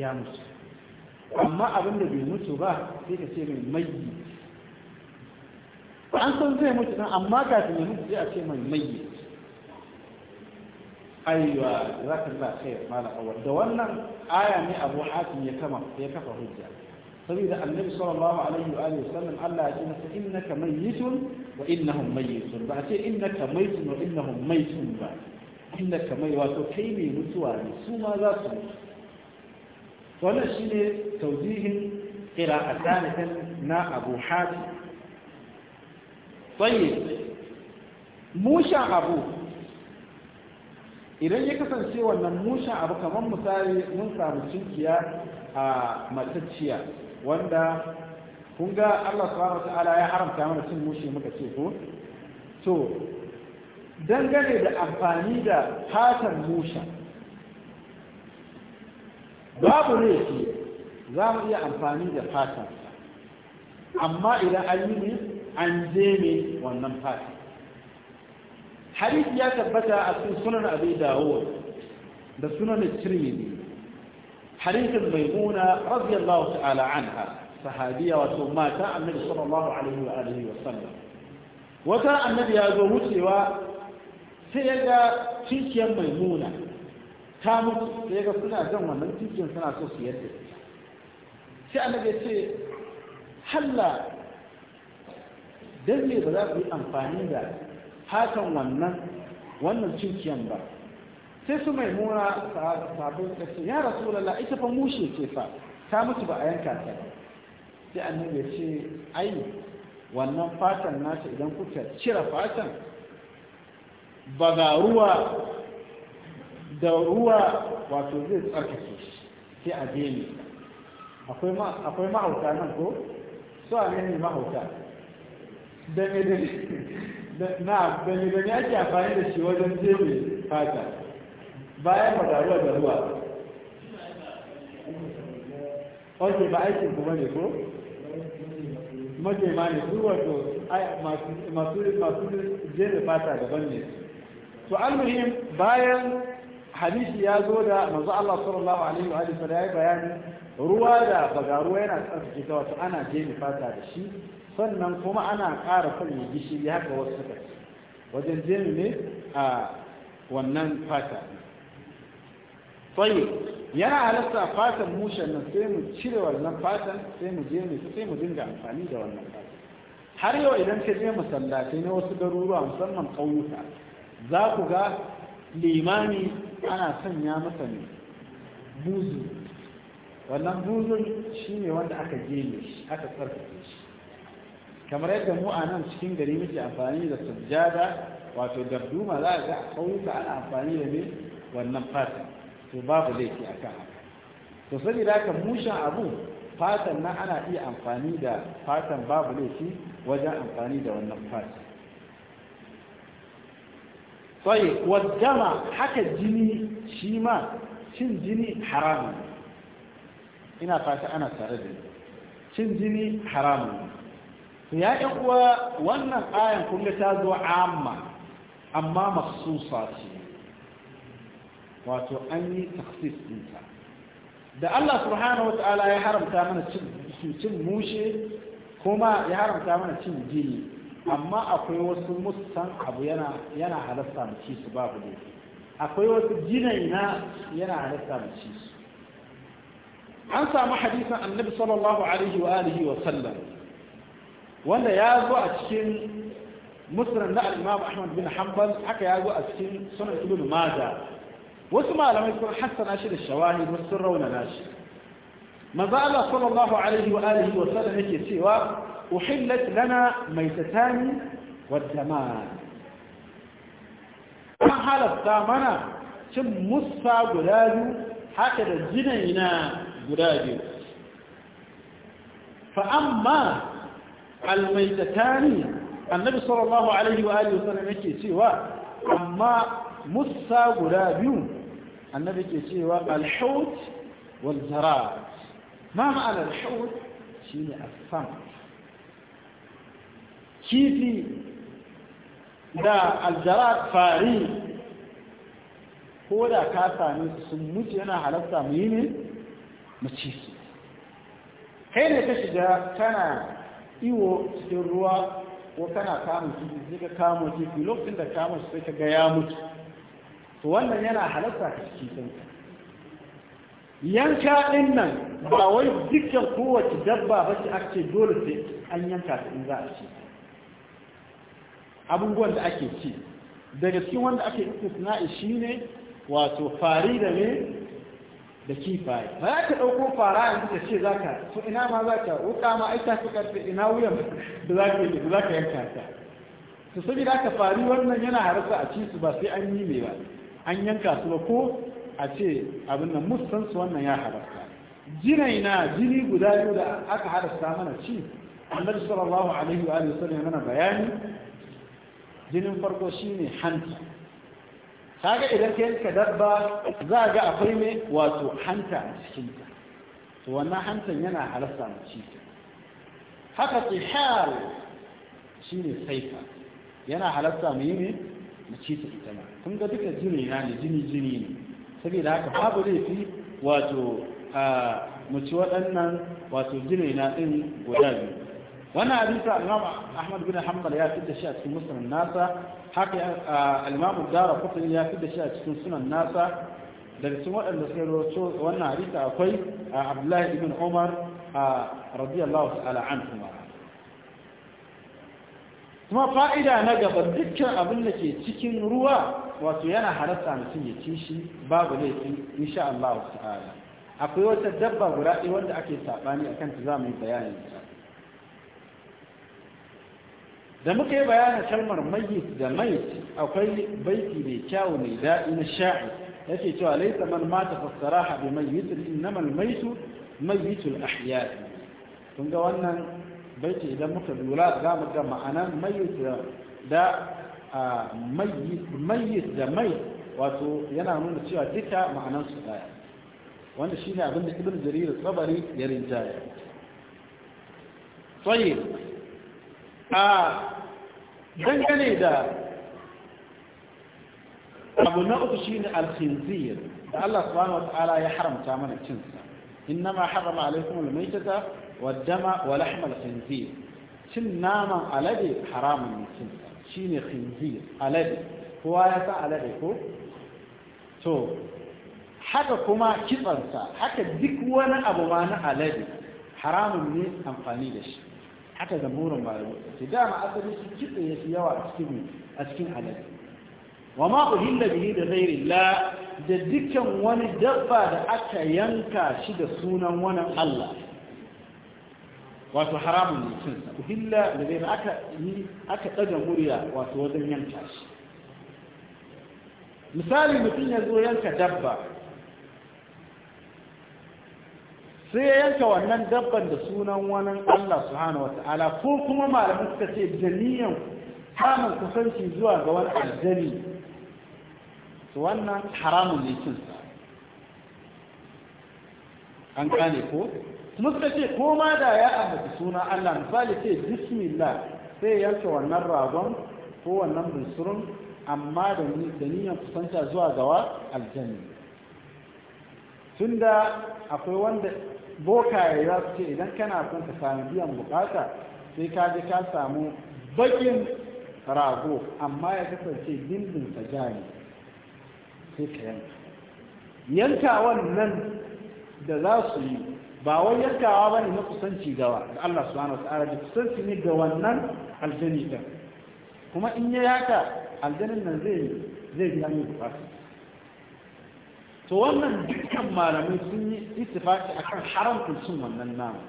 ya mutu amma abin da bai mutu ba sai ka ce mai mai an san zai mutu ɗan amma kafin ya mutu sai a ce mai mai aiwa za ka za kai mala awar da wannan aya ne abu hatim ya kama ya kafa hujja فإذا النبي صلى الله عليه وآله وسلم قال أجنة إنك ميت وإنهم ميتون بعد إنك ميت وإنهم ميتون بعد إنك ميت وتكيمي متواني سوما ذات ونشد توجيه قراءة ثالثا نا أبو حاتم طيب موشى أبوه idan ya kasance wannan musha abu kamar misali mun samu cinkiya a matacciya wanda kun ga Allah subhanahu ta'ala ya haramta mana cin mushi muka ce ko to dangane da amfani da fatan musha, babu laifi za mu iya amfani da fatan amma idan an ne an je wannan fatan hadith ya tabbata a cikin sunan abi dawud da sunan tirmidhi hadisin maimuna radiyallahu ta'ala anha sahabiya wato mata annabi sallallahu alaihi wa alihi wa sallam wata annabi ya zo wucewa sai ya ga cikiyar maimuna ta mutu sai ya ga suna jan wannan cikin suna so su yadda sai annabi ya ce halla dan ne ba za ku yi amfani da hakan wannan wannan cinkiyan ba sai su mai mura sabon ƙasa ya rasu lalla ita fa mushe ce fa ta mutu ba a yanka ta sai annabi ya ce ai wannan fatan nata idan kuka cire fatan ba ga ruwa da ruwa wato zai tsarkake shi sai a daina akwai maauta nan ko su a ne mahauta da ne na gani gani ake amfani da shi wajen jebe fata bayan fataruwa da ruwa ok ba aikin kuma ne ko ma ne su wato masu jebe fata daban ne to muhim bayan hadisi ya zo da mazu Allah sallallahu alaihi wa sallam ya yi bayani ruwa da bagaruwa yana tsarki ta wato ana jebe fata da shi sannan kuma ana ƙara sanya gishiri haka wasu suka wajen jini a wannan fata tsaye yana halatta fatan mushen nan sai mu cire wannan fatan sai mu je su sai mu dinga amfani da wannan fatan har yau idan ka je masallatai na wasu garuruwa musamman ƙauyuka za ku ga limani ana sanya masa ne buzu wannan buzun ne wanda aka gele shi aka tsarkake shi kamar yadda mu a nan cikin gari muke amfani da sujjada wato darduma za a ga a ana amfani da ne wannan fatan to babu laifi a kan haka to saboda haka mushin abu fatan nan ana iya amfani da fatan babu laifi wajen amfani da wannan fatan sai wajama haka jini shi ma cin jini haramun ina fata ana tare da cin jini haramun ya yan uwa wannan ayan kun ta zo amma amma maksusa ce wato an yi taksis ɗinta da Allah subhanahu ta'ala ya haramta mana cin mushe kuma ya haramta mana cin gini amma akwai wasu musan abu yana halasta mu ci su babu ne akwai wasu ginai na yana halasta mu ci su an samu hadisan annabi sallallahu alaihi wa alihi wa sallam wanda ya zo a cikin musnad na al-imam ahmad bin hanbal haka ya zo a cikin sunan ibn majah wasu malamai sun hassana shi da shawahid wasu sun raunana shi manzo Allah sallallahu alaihi wa alihi wa sallam yake cewa uhillat lana maitatani wa daman an halatta mana cin musa guda biyu haka da jinaina guda biyu fa'amma almaitatani annabi sallallahu alaihi wa alihi wasallam yake cewa amma musa guda biyu annabi ke cewa alhaut wal zarat ma ma'ana alhaut shine asam kifi da aljarat fari ko da ka sami sun mutu yana halatta mu yi ne mu ci su kai ne ka shiga tana iwo cikin ruwa ko kana kama kifi sai ka kamo kifi lokacin da kamo sai ka gaya ya mutu to wannan yana halatta ka ciki sun yanka din nan ba wai dukkan kowace dabba ba ce ake dole sai an yanka ta in za a ci abubuwan da ake ci daga cikin wanda ake shi shine wato fari da ne da kifaye ba za ka ɗauko fara yanzu da ce za ka su ina ma za ka wuka ma ai ta fi karfe ina wuyan da za ka yi za ka yanka ta su da ka fari wannan yana harasa a ci su ba sai an yi mai ba an yanka su ba ko a ce abin da musan su wannan ya harasa jinaina jini guda biyu da aka harasa mana ci annabi sallallahu alaihi wa yana bayani jinin farko shine hanta kaga idan ka yanka dabba za ga akwai mai wato hanta a cikinta to wannan hantan yana halasta mu ci haka shi shine saifa yana halasta mu yi ne mu ci ta ita ma kun ga duka jini na ne jini jini ne saboda haka babu laifi wato a ah, mu ci waɗannan wato jini na din guda biyu wannan hadisi imam ahmad bin hanbal ya fitar shi a cikin musnad nasa haka al-imam ah, ad-darqutni ya fitar shi a cikin sunan nasa da cikin waɗanda suka rawaito wannan hadisi akwai ah, abdullahi ibn umar ah, radiyallahu ta'ala anhu kuma fa'ida na gaba dukkan abin da ke cikin ruwa wato yana halatta mutum ya ci shi babu laifin, insha Allah ta'ala akwai wata dabba guda ɗaya wanda ake a akan ta zamu yi bayani da muke bayanin kalmar mayit da mayit akwai baiti mai kyau mai daɗi na sha'i yake cewa laisa man mata fassaraha bi al mayit mayit al ahya kun ga wannan baiti idan muka lura za mu ga ma'anar mayit da mayit da mayit wato yana nuna cewa duka ma'anar su daya wanda shine abin da ibn jarir tsabari ya rinjaya طيب a dangane da abu na uku shi ne alkhinzir da Allah subhanahu wa ta'ala ya haramta mana cinsa innama harrama alaikum almaitata waddama wa lahm alkhinzir cin naman alade haramun ne cinsa shine khinzir alade kowa ya sa alade ko to haka kuma kitsansa haka duk wani abu ma na alade haramun ne amfani da shi haka jamhurin malamai ce dama asali su kitse ya fi yawa a cikin halittu. wa ma uhilla bihi da ghairi la da dukkan wani dabba da aka yanka shi da sunan wani Allah wato haramun ne cin sa uhilla da ghairi aka yi aka daga murya wato wajen yanka shi misali mutum ya zo yanka dabba sai ya yanka wannan dabban da sunan wani Allah subhanahu wata'ala ko kuma malamin suka ce jami'an samun kusanci zuwa ga wani aljani su wannan haramun ne cinsa an gane ko kuma suka ce ko ma da ya ambaci suna Allah misali ce bismillah sai ya yanka wannan ragon ko wannan bunsurun amma da niyan kusanta zuwa gawa Tun tunda akwai wanda bokaye za su ce idan kana son ka sami biyan bukata sai ka je ka samu bakin rago amma ya kasance dindin ta jani sai ka yanka yankawan nan da za su yi ba wai yankawa ba ne na kusanci gawa da Allah su hana ta'ala da kusanci ne ga wannan aljani kuma in ya yaka aljanin nan zai zai biya mai bukata to wannan dukkan malamai sun yi istifaki kan haramcin cin wannan nama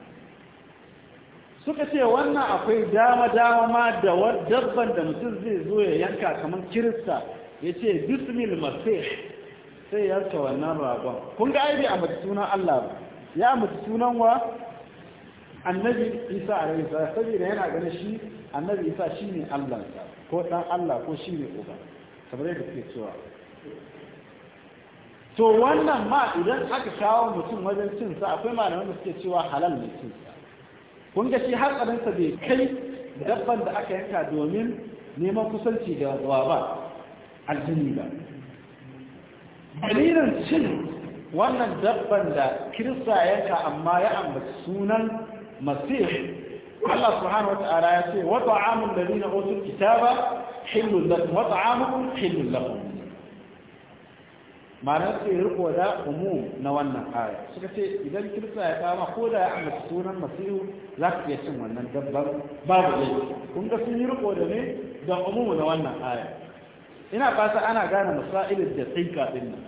suka ce wannan akwai dama dama ma da dabban da mutum zai zo ya yanka kamar kirista ya ce bismil masih sai ya yanka wannan ragon kun ga aibi a mace sunan Allah ya mace sunan wa annabi isa a rai saboda yana gani shi annabi isa shi ne Allah ko dan Allah ko shi ne uba kamar yadda suke cewa to wannan ma idan aka kawo mutum wajen cinsa akwai malaman da suke cewa halal ne cinsa kun ga shi hatsarinsa bai kai dabban da aka yanka domin neman kusanci da wa ba aljini ba dalilin cin wannan dabban da kirista yanka amma ya ambaci sunan masih Allah subhanahu wata'ala ya ce wa ta'amul ladina utul kitaba hillul lakum wa ta'amukum hillul lakum ma'anar ce riko da umu na wannan aya suka ce idan kirista ya kama ko da ya amince sunan masihu za ka iya cin wannan dabbar babu ne kun ga sun yi riko da ne da umu na wannan aya ina fata ana gane masailin da tsinka din nan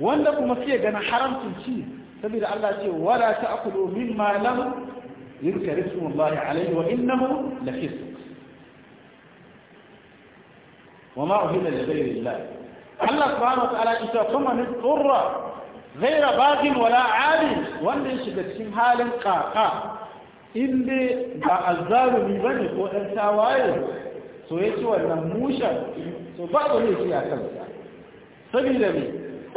wanda kuma sai ganin haramcin ci saboda Allah ce wala ta'kulu mimma lam yuzkar ismullahi alaihi wa innahu lafisq وما أهل لغير الله Allah subhanahu wa ta'ala ita kuma ni tsurra wala ali wanda ya shiga cikin halin kaka in dai ba azzalumi bane ko dan tawaye so ya ci wannan mushan so ba wani shi a kansa Sabida ne.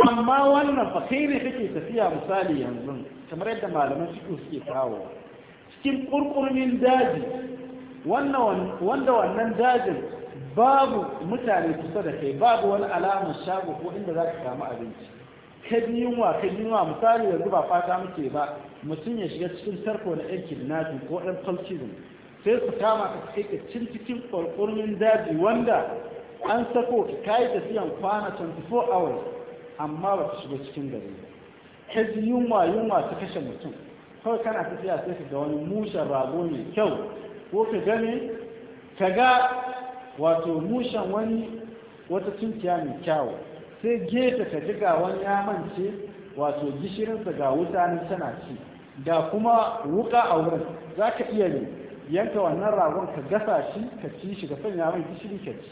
amma wannan fakiri take tafiya misali yanzu kamar yadda malaman fiqh suke kawo cikin kurkurmin daji wanda wannan dajin babu mutane kusa da kai babu wani alamun shago ko inda za ka samu abinci ka yunwa ka yunwa misali yanzu ba fata muke ba mutum ya shiga cikin tarko na yan kidnapping ko yan cultism sai su kama ka kai ka cin cikin kwalkurmin daji wanda an sako ka kayi tafiyan kwana 24 hours amma ba ka shiga cikin gari ka ji yunwa yunwa ta kashe mutum kawai kana tafiya sai ka ga wani mushen rago mai kyau ko ka gane ka ga wato mushen wani wata tunkiya mai kyawu sai geta ka ji ga wani ya mance wato gishirinsa ga wuta ne tana ci da kuma wuka a wurin za ka iya ne yanka wannan ragon ka gasa shi ka ci shi ka sanya mai gishiri ka ci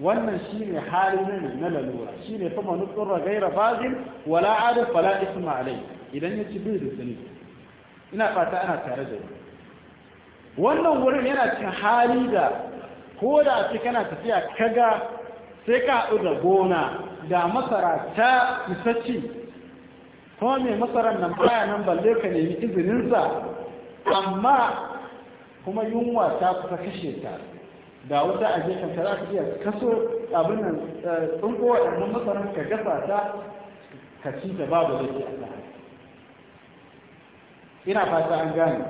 wannan shi ne hali ne na lalura shi ne fa manufin ragaira bazin wala adin fala isma idan ya ci biyu da ina fata ana tare da ni wannan wurin yana cikin hali da ko da ce kana tafiya kaga sai ka haɗu da gona da masara ta isacci kuma mai masarar nan baya nan balle ka nemi izininsa amma kuma yunwa ta kusa kashe ta da wata a ta za ka iya kaso abin nan eh, tsunko waɗannan masarar ka gasa ta ka ci ta babu da ke ina fata an gane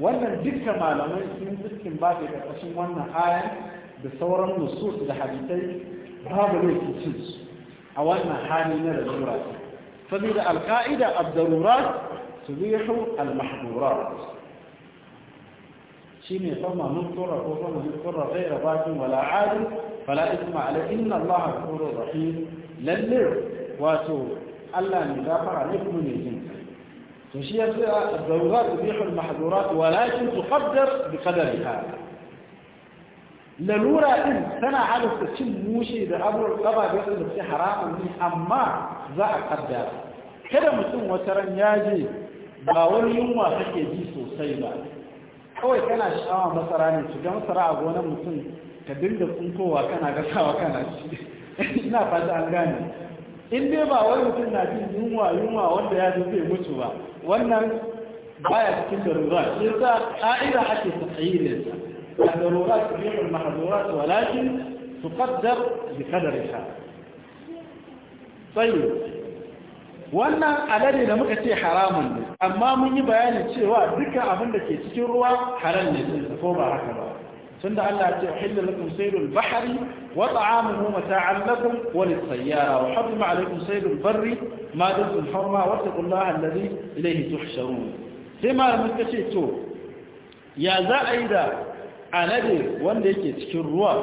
wannan dukkan malamai sun dukkan ba da ƙarƙashin wannan aya da sauran nusus da hadisai babu laifin cin su a wannan hali na lalura saboda alƙa'ida abdarurat su zuwa al-mahdurat شين يسمى مذكرة وصمى wala غير fala isma ala inna allah عليه إن rahim غفور wato allah ne gafara ne kuma ne الجنس to shi yasa az su tubihul mahdurat walakin tuqaddar biqadariha lalura ɗin tana halatta cin mushi da abubuwan ababe da suke haramun ne amma za a kaddara kada mutum wata ran ya je ba wani yunwa kake ji sosai ba kawai kana sha'awa masara ne shiga a gonar mutum ka dinga tsinkowa kana gasawa kana [laughs] ina fata an gane in dai ba wani mutum na jin yunwa yunwa wanda ya zai mutu ba wannan baya cikin darurat sai sa ka'ida ake tsayirin sa darurat bihul mahdurat walakin تقدر بقدرها طيب wannan alade da muka ce haramun ne amma mun yi bayanin cewa dukkan abin da ke cikin ruwa haram ne ko ba haka ba tunda Allah ya ce uhilla lakum saydul bahri wa ta'amuhu mata'an lakum wa lis-sayyara wa harrama alaykum saydul barri ma dukkan harma wata kulla allazi ilaihi tuhsharun sai malamin ka ce to ya za a yi da alade wanda yake cikin ruwa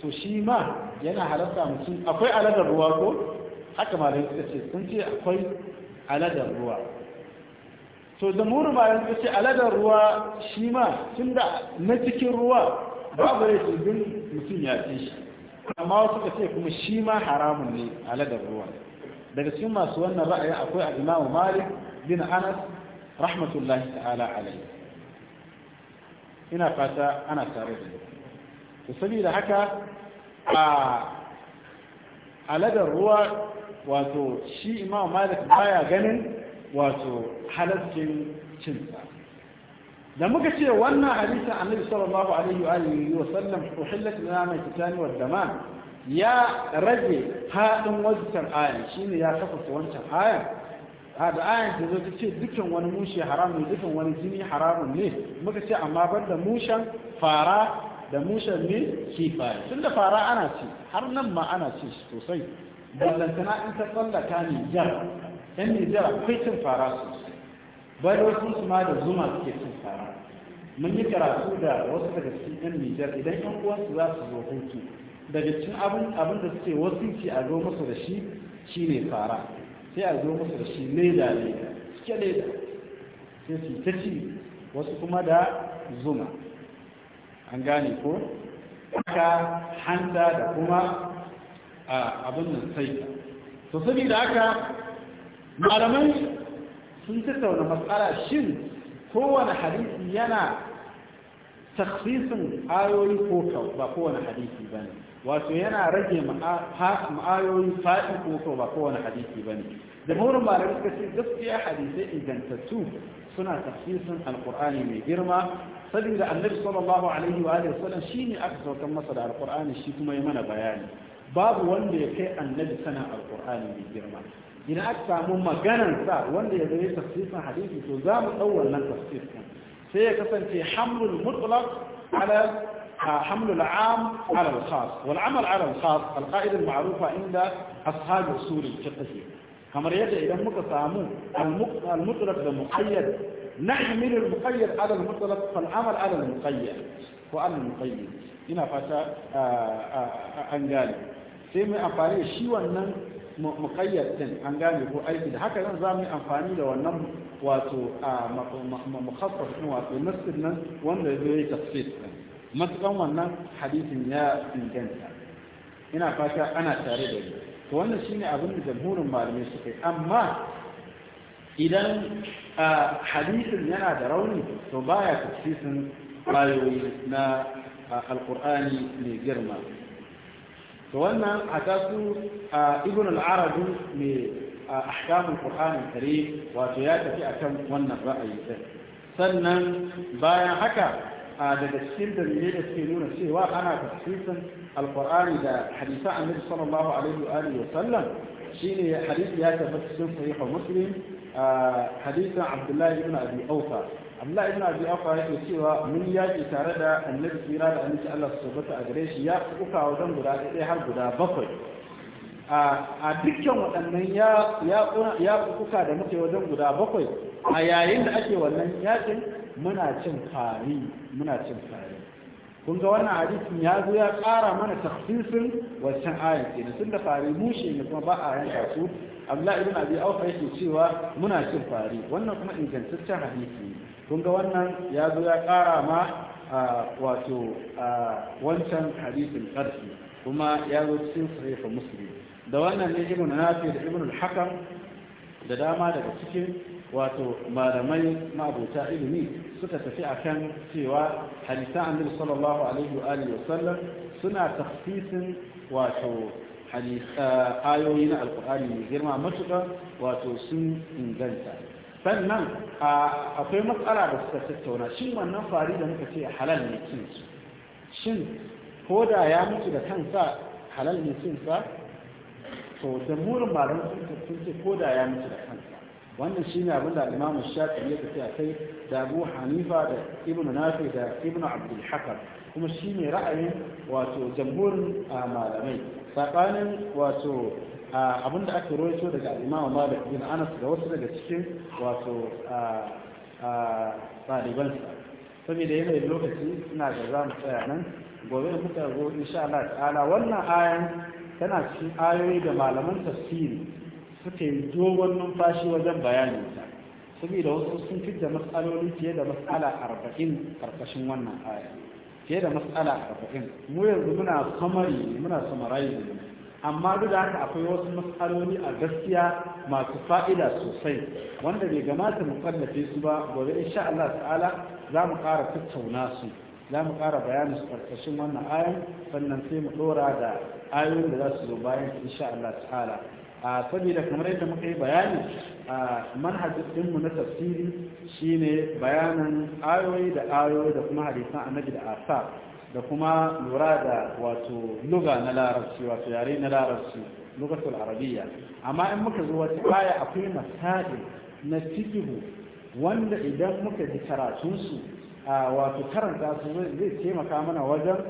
to shi ma yana halatta mutum akwai aladar ruwa ko haka malamin ka ce sun ce akwai aladar ruwa to da muru malamin ka ce aladar ruwa shi ma tun da na cikin ruwa babu rai mutum ya ce shi amma wasu ka ce kuma shi ma haramun ne aladar ruwa daga cikin masu wannan ra'ayi akwai al-Imam Malik bin Anas rahmatullahi ta'ala alayhi ina fata ana tare da to saboda haka a aladar ruwa wato shi Imam Malik baya ganin wato cin cinsa da muka ce wannan hadisin annabi sallallahu alaihi wa sallam uhillat lana mai kitani wa dama. ya rage haɗin wancan ayan shine ya kafasa wancan ayan da ayan ta zo ta ce dukkan wani mushe haram ne dukkan wani jini haramun ne muka ce amma ban da mushen fara da mushen ne fara. tun da fara ana ce, har nan ma ana shi sosai ballantana in ta tsallaka nijar yan nijar akwai cin fara sosai bai wasu su ma da zuma suke cin fara mun yi karatu da wasu daga cikin yan nijar idan yan uwansu za su zo hutu daga cin abin abin da suke wasiki a zo musu da shi shi ne fara sai a zo musu da shi leda leda suke leda sai su ta ci wasu kuma da zuma an gane ko aka handa da kuma abin nan sai to saboda haka malaman sun tattauna matsala shin kowane hadisi yana takhsisin ayoyi ko ba kowane hadisi ba ne wato yana rage ma'ayoyin faɗi ko ba kowane hadisi ba ne jamhurin malamai suka ce gaskiya hadisai ingantattu suna tafsirin alkur'ani mai girma saboda annabi sallallahu alaihi wa alihi wasallam shine aka saukan masa da alkur'ani shi kuma ya mana bayani babu wanda ya kai annabi sana alkur'ani mai girma idan aka samu maganar sa wanda ya zai tafsirin hadisi to za mu ɗau wannan tafsirin sai ya kasance hamlul mutlaq ala حمل العام على الخاص والعمل على الخاص القاعدة المعروفة عند أصحاب أصول الفقه كما يجب إذا متسامو المطلق المقيد نحمل المقيد على المطلق فالعمل على المقيد وعلى المقيد هنا فتا أن قال سيما أفاري شيوى النم muƙayyar din an gane ko aiki da haka nan za mu yi amfani da wannan wato a mukhassas din wato nasir nan wanda zai yi tafsir din matukan wannan hadisin ya inganta ina fata ana tare da yi to wannan shine abin da jamhurin malamai suka yi amma idan hadisin yana da rauni to baya tafsirin ayoyi na alkur'ani mai girma to wannan a tasu ibn al-arabi mai ahkamun qur'anin kare wato ya tafi akan wannan ra'ayi sannan bayan haka daga cikin dalilai da suke nuna cewa ana tafsirin alqur'ani da hadisan annabi sallallahu alaihi wa alihi wa sallam shine hadisi ya tabbata cikin sahih muslim hadisin abdullahi ibn abi awfa Allah ibn Abi Afa yake cewa mun yaki tare da Annabi kira da Annabi Allah subhanahu a gare shi ya kuka wajen guda ɗaya har guda bakwai. A dukkan waɗannan ya kuka da muke wajen guda bakwai a yayin da ake wannan yakin muna cin kari muna cin kari kun ga wannan hadisin ya zo ya ƙara mana takhsisin wancan ayan da tunda fari mushe ne kuma ba a yanka su Abdullah ibn Abi Awfa yake cewa muna cin fari wannan kuma ingantaccen hadisi kun ga wannan ya zo ya ƙara ma wato wancan hadisin ƙarfi kuma ya zo cikin sahiha muslim da wannan ne ibn Nafi da ibn al-Hakam da dama daga cikin wato malamai ma'abuta ilimi suka tafi a kan cewa hadisan annabi sallallahu alaihi wa alihi wasallam suna tafsirin wato ayoyi na alkur'ani mai girma matuƙa wato sun inganta sannan akwai matsala da suka tattauna shin wannan fari da muka ce halal ne cin su shin ko da ya mutu da kansa halal ne cin sa to da murin malamin sun ce ko da ya mutu da kansa wannan shine abin da imamu Shafi'i ya tafi kai da Abu Hanifa da Ibn Nafi da Ibn Abdul Hakam kuma ne ra'ayin wato jamhurin malamai sakanin wato abin da aka roito daga imamu Malik bin Anas da wasu daga cikin wato ɗalibansa saboda yanayin lokaci suna da za mu tsaya nan gobe muka zo insha Allah ta'ala wannan ayan tana cikin ayoyi da malaman tafsiri suka yi dogon numfashi wajen bayaninsa saboda wasu sun da matsaloli fiye da matsala arba'in karkashin wannan aya fiye da matsala arba'in mu yanzu muna samari muna samarai amma duk da haka akwai wasu matsaloli a gaskiya masu fa'ida sosai wanda bai gamata mu kallafe su ba gobe insha Allah ta'ala za mu ƙara tattauna su za mu ƙara bayanin su karkashin wannan ayan sannan sai mu ɗora da ayoyin da za su zo bayan insha Allah ta'ala saboda kamar yadda muka yi bayani a manhajin ɗinmu na tafsiri shine bayanan ayoyi da ayoyi da kuma hadisan annabi da asa da kuma lura da wato luga na larabci wato yare na larabci lugatul arabiyya amma in muka zo wata aya akwai masadi na fikihu wanda idan muka ji su wato karanta su zai taimaka mana wajen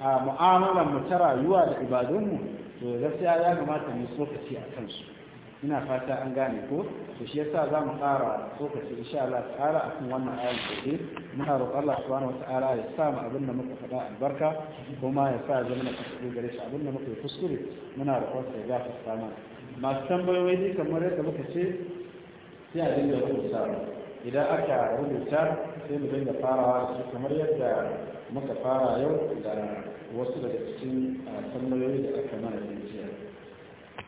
mu'amalar mu ta rayuwa da ibadunmu to gaskiya ya kamata mu tsokaci a kansu ina fata an gane ko to shi yasa za mu ƙara tsokaci insha Allah ta'ala a kan wannan ayar da ke muna roƙon Allah subhanahu wata'ala ya sa mu abin da muka faɗa albarka kuma ya sa zama na kuskure gare shi abin da muka yi kuskure muna roƙon sa ya gafarta masu tambayoyi kamar yadda muka ce sai a dinga rubuta idan aka rubuta sai mu dinga farawa da su kamar yadda muka fara yau da wasu daga cikin ah, tambayoyi da aka mana jiya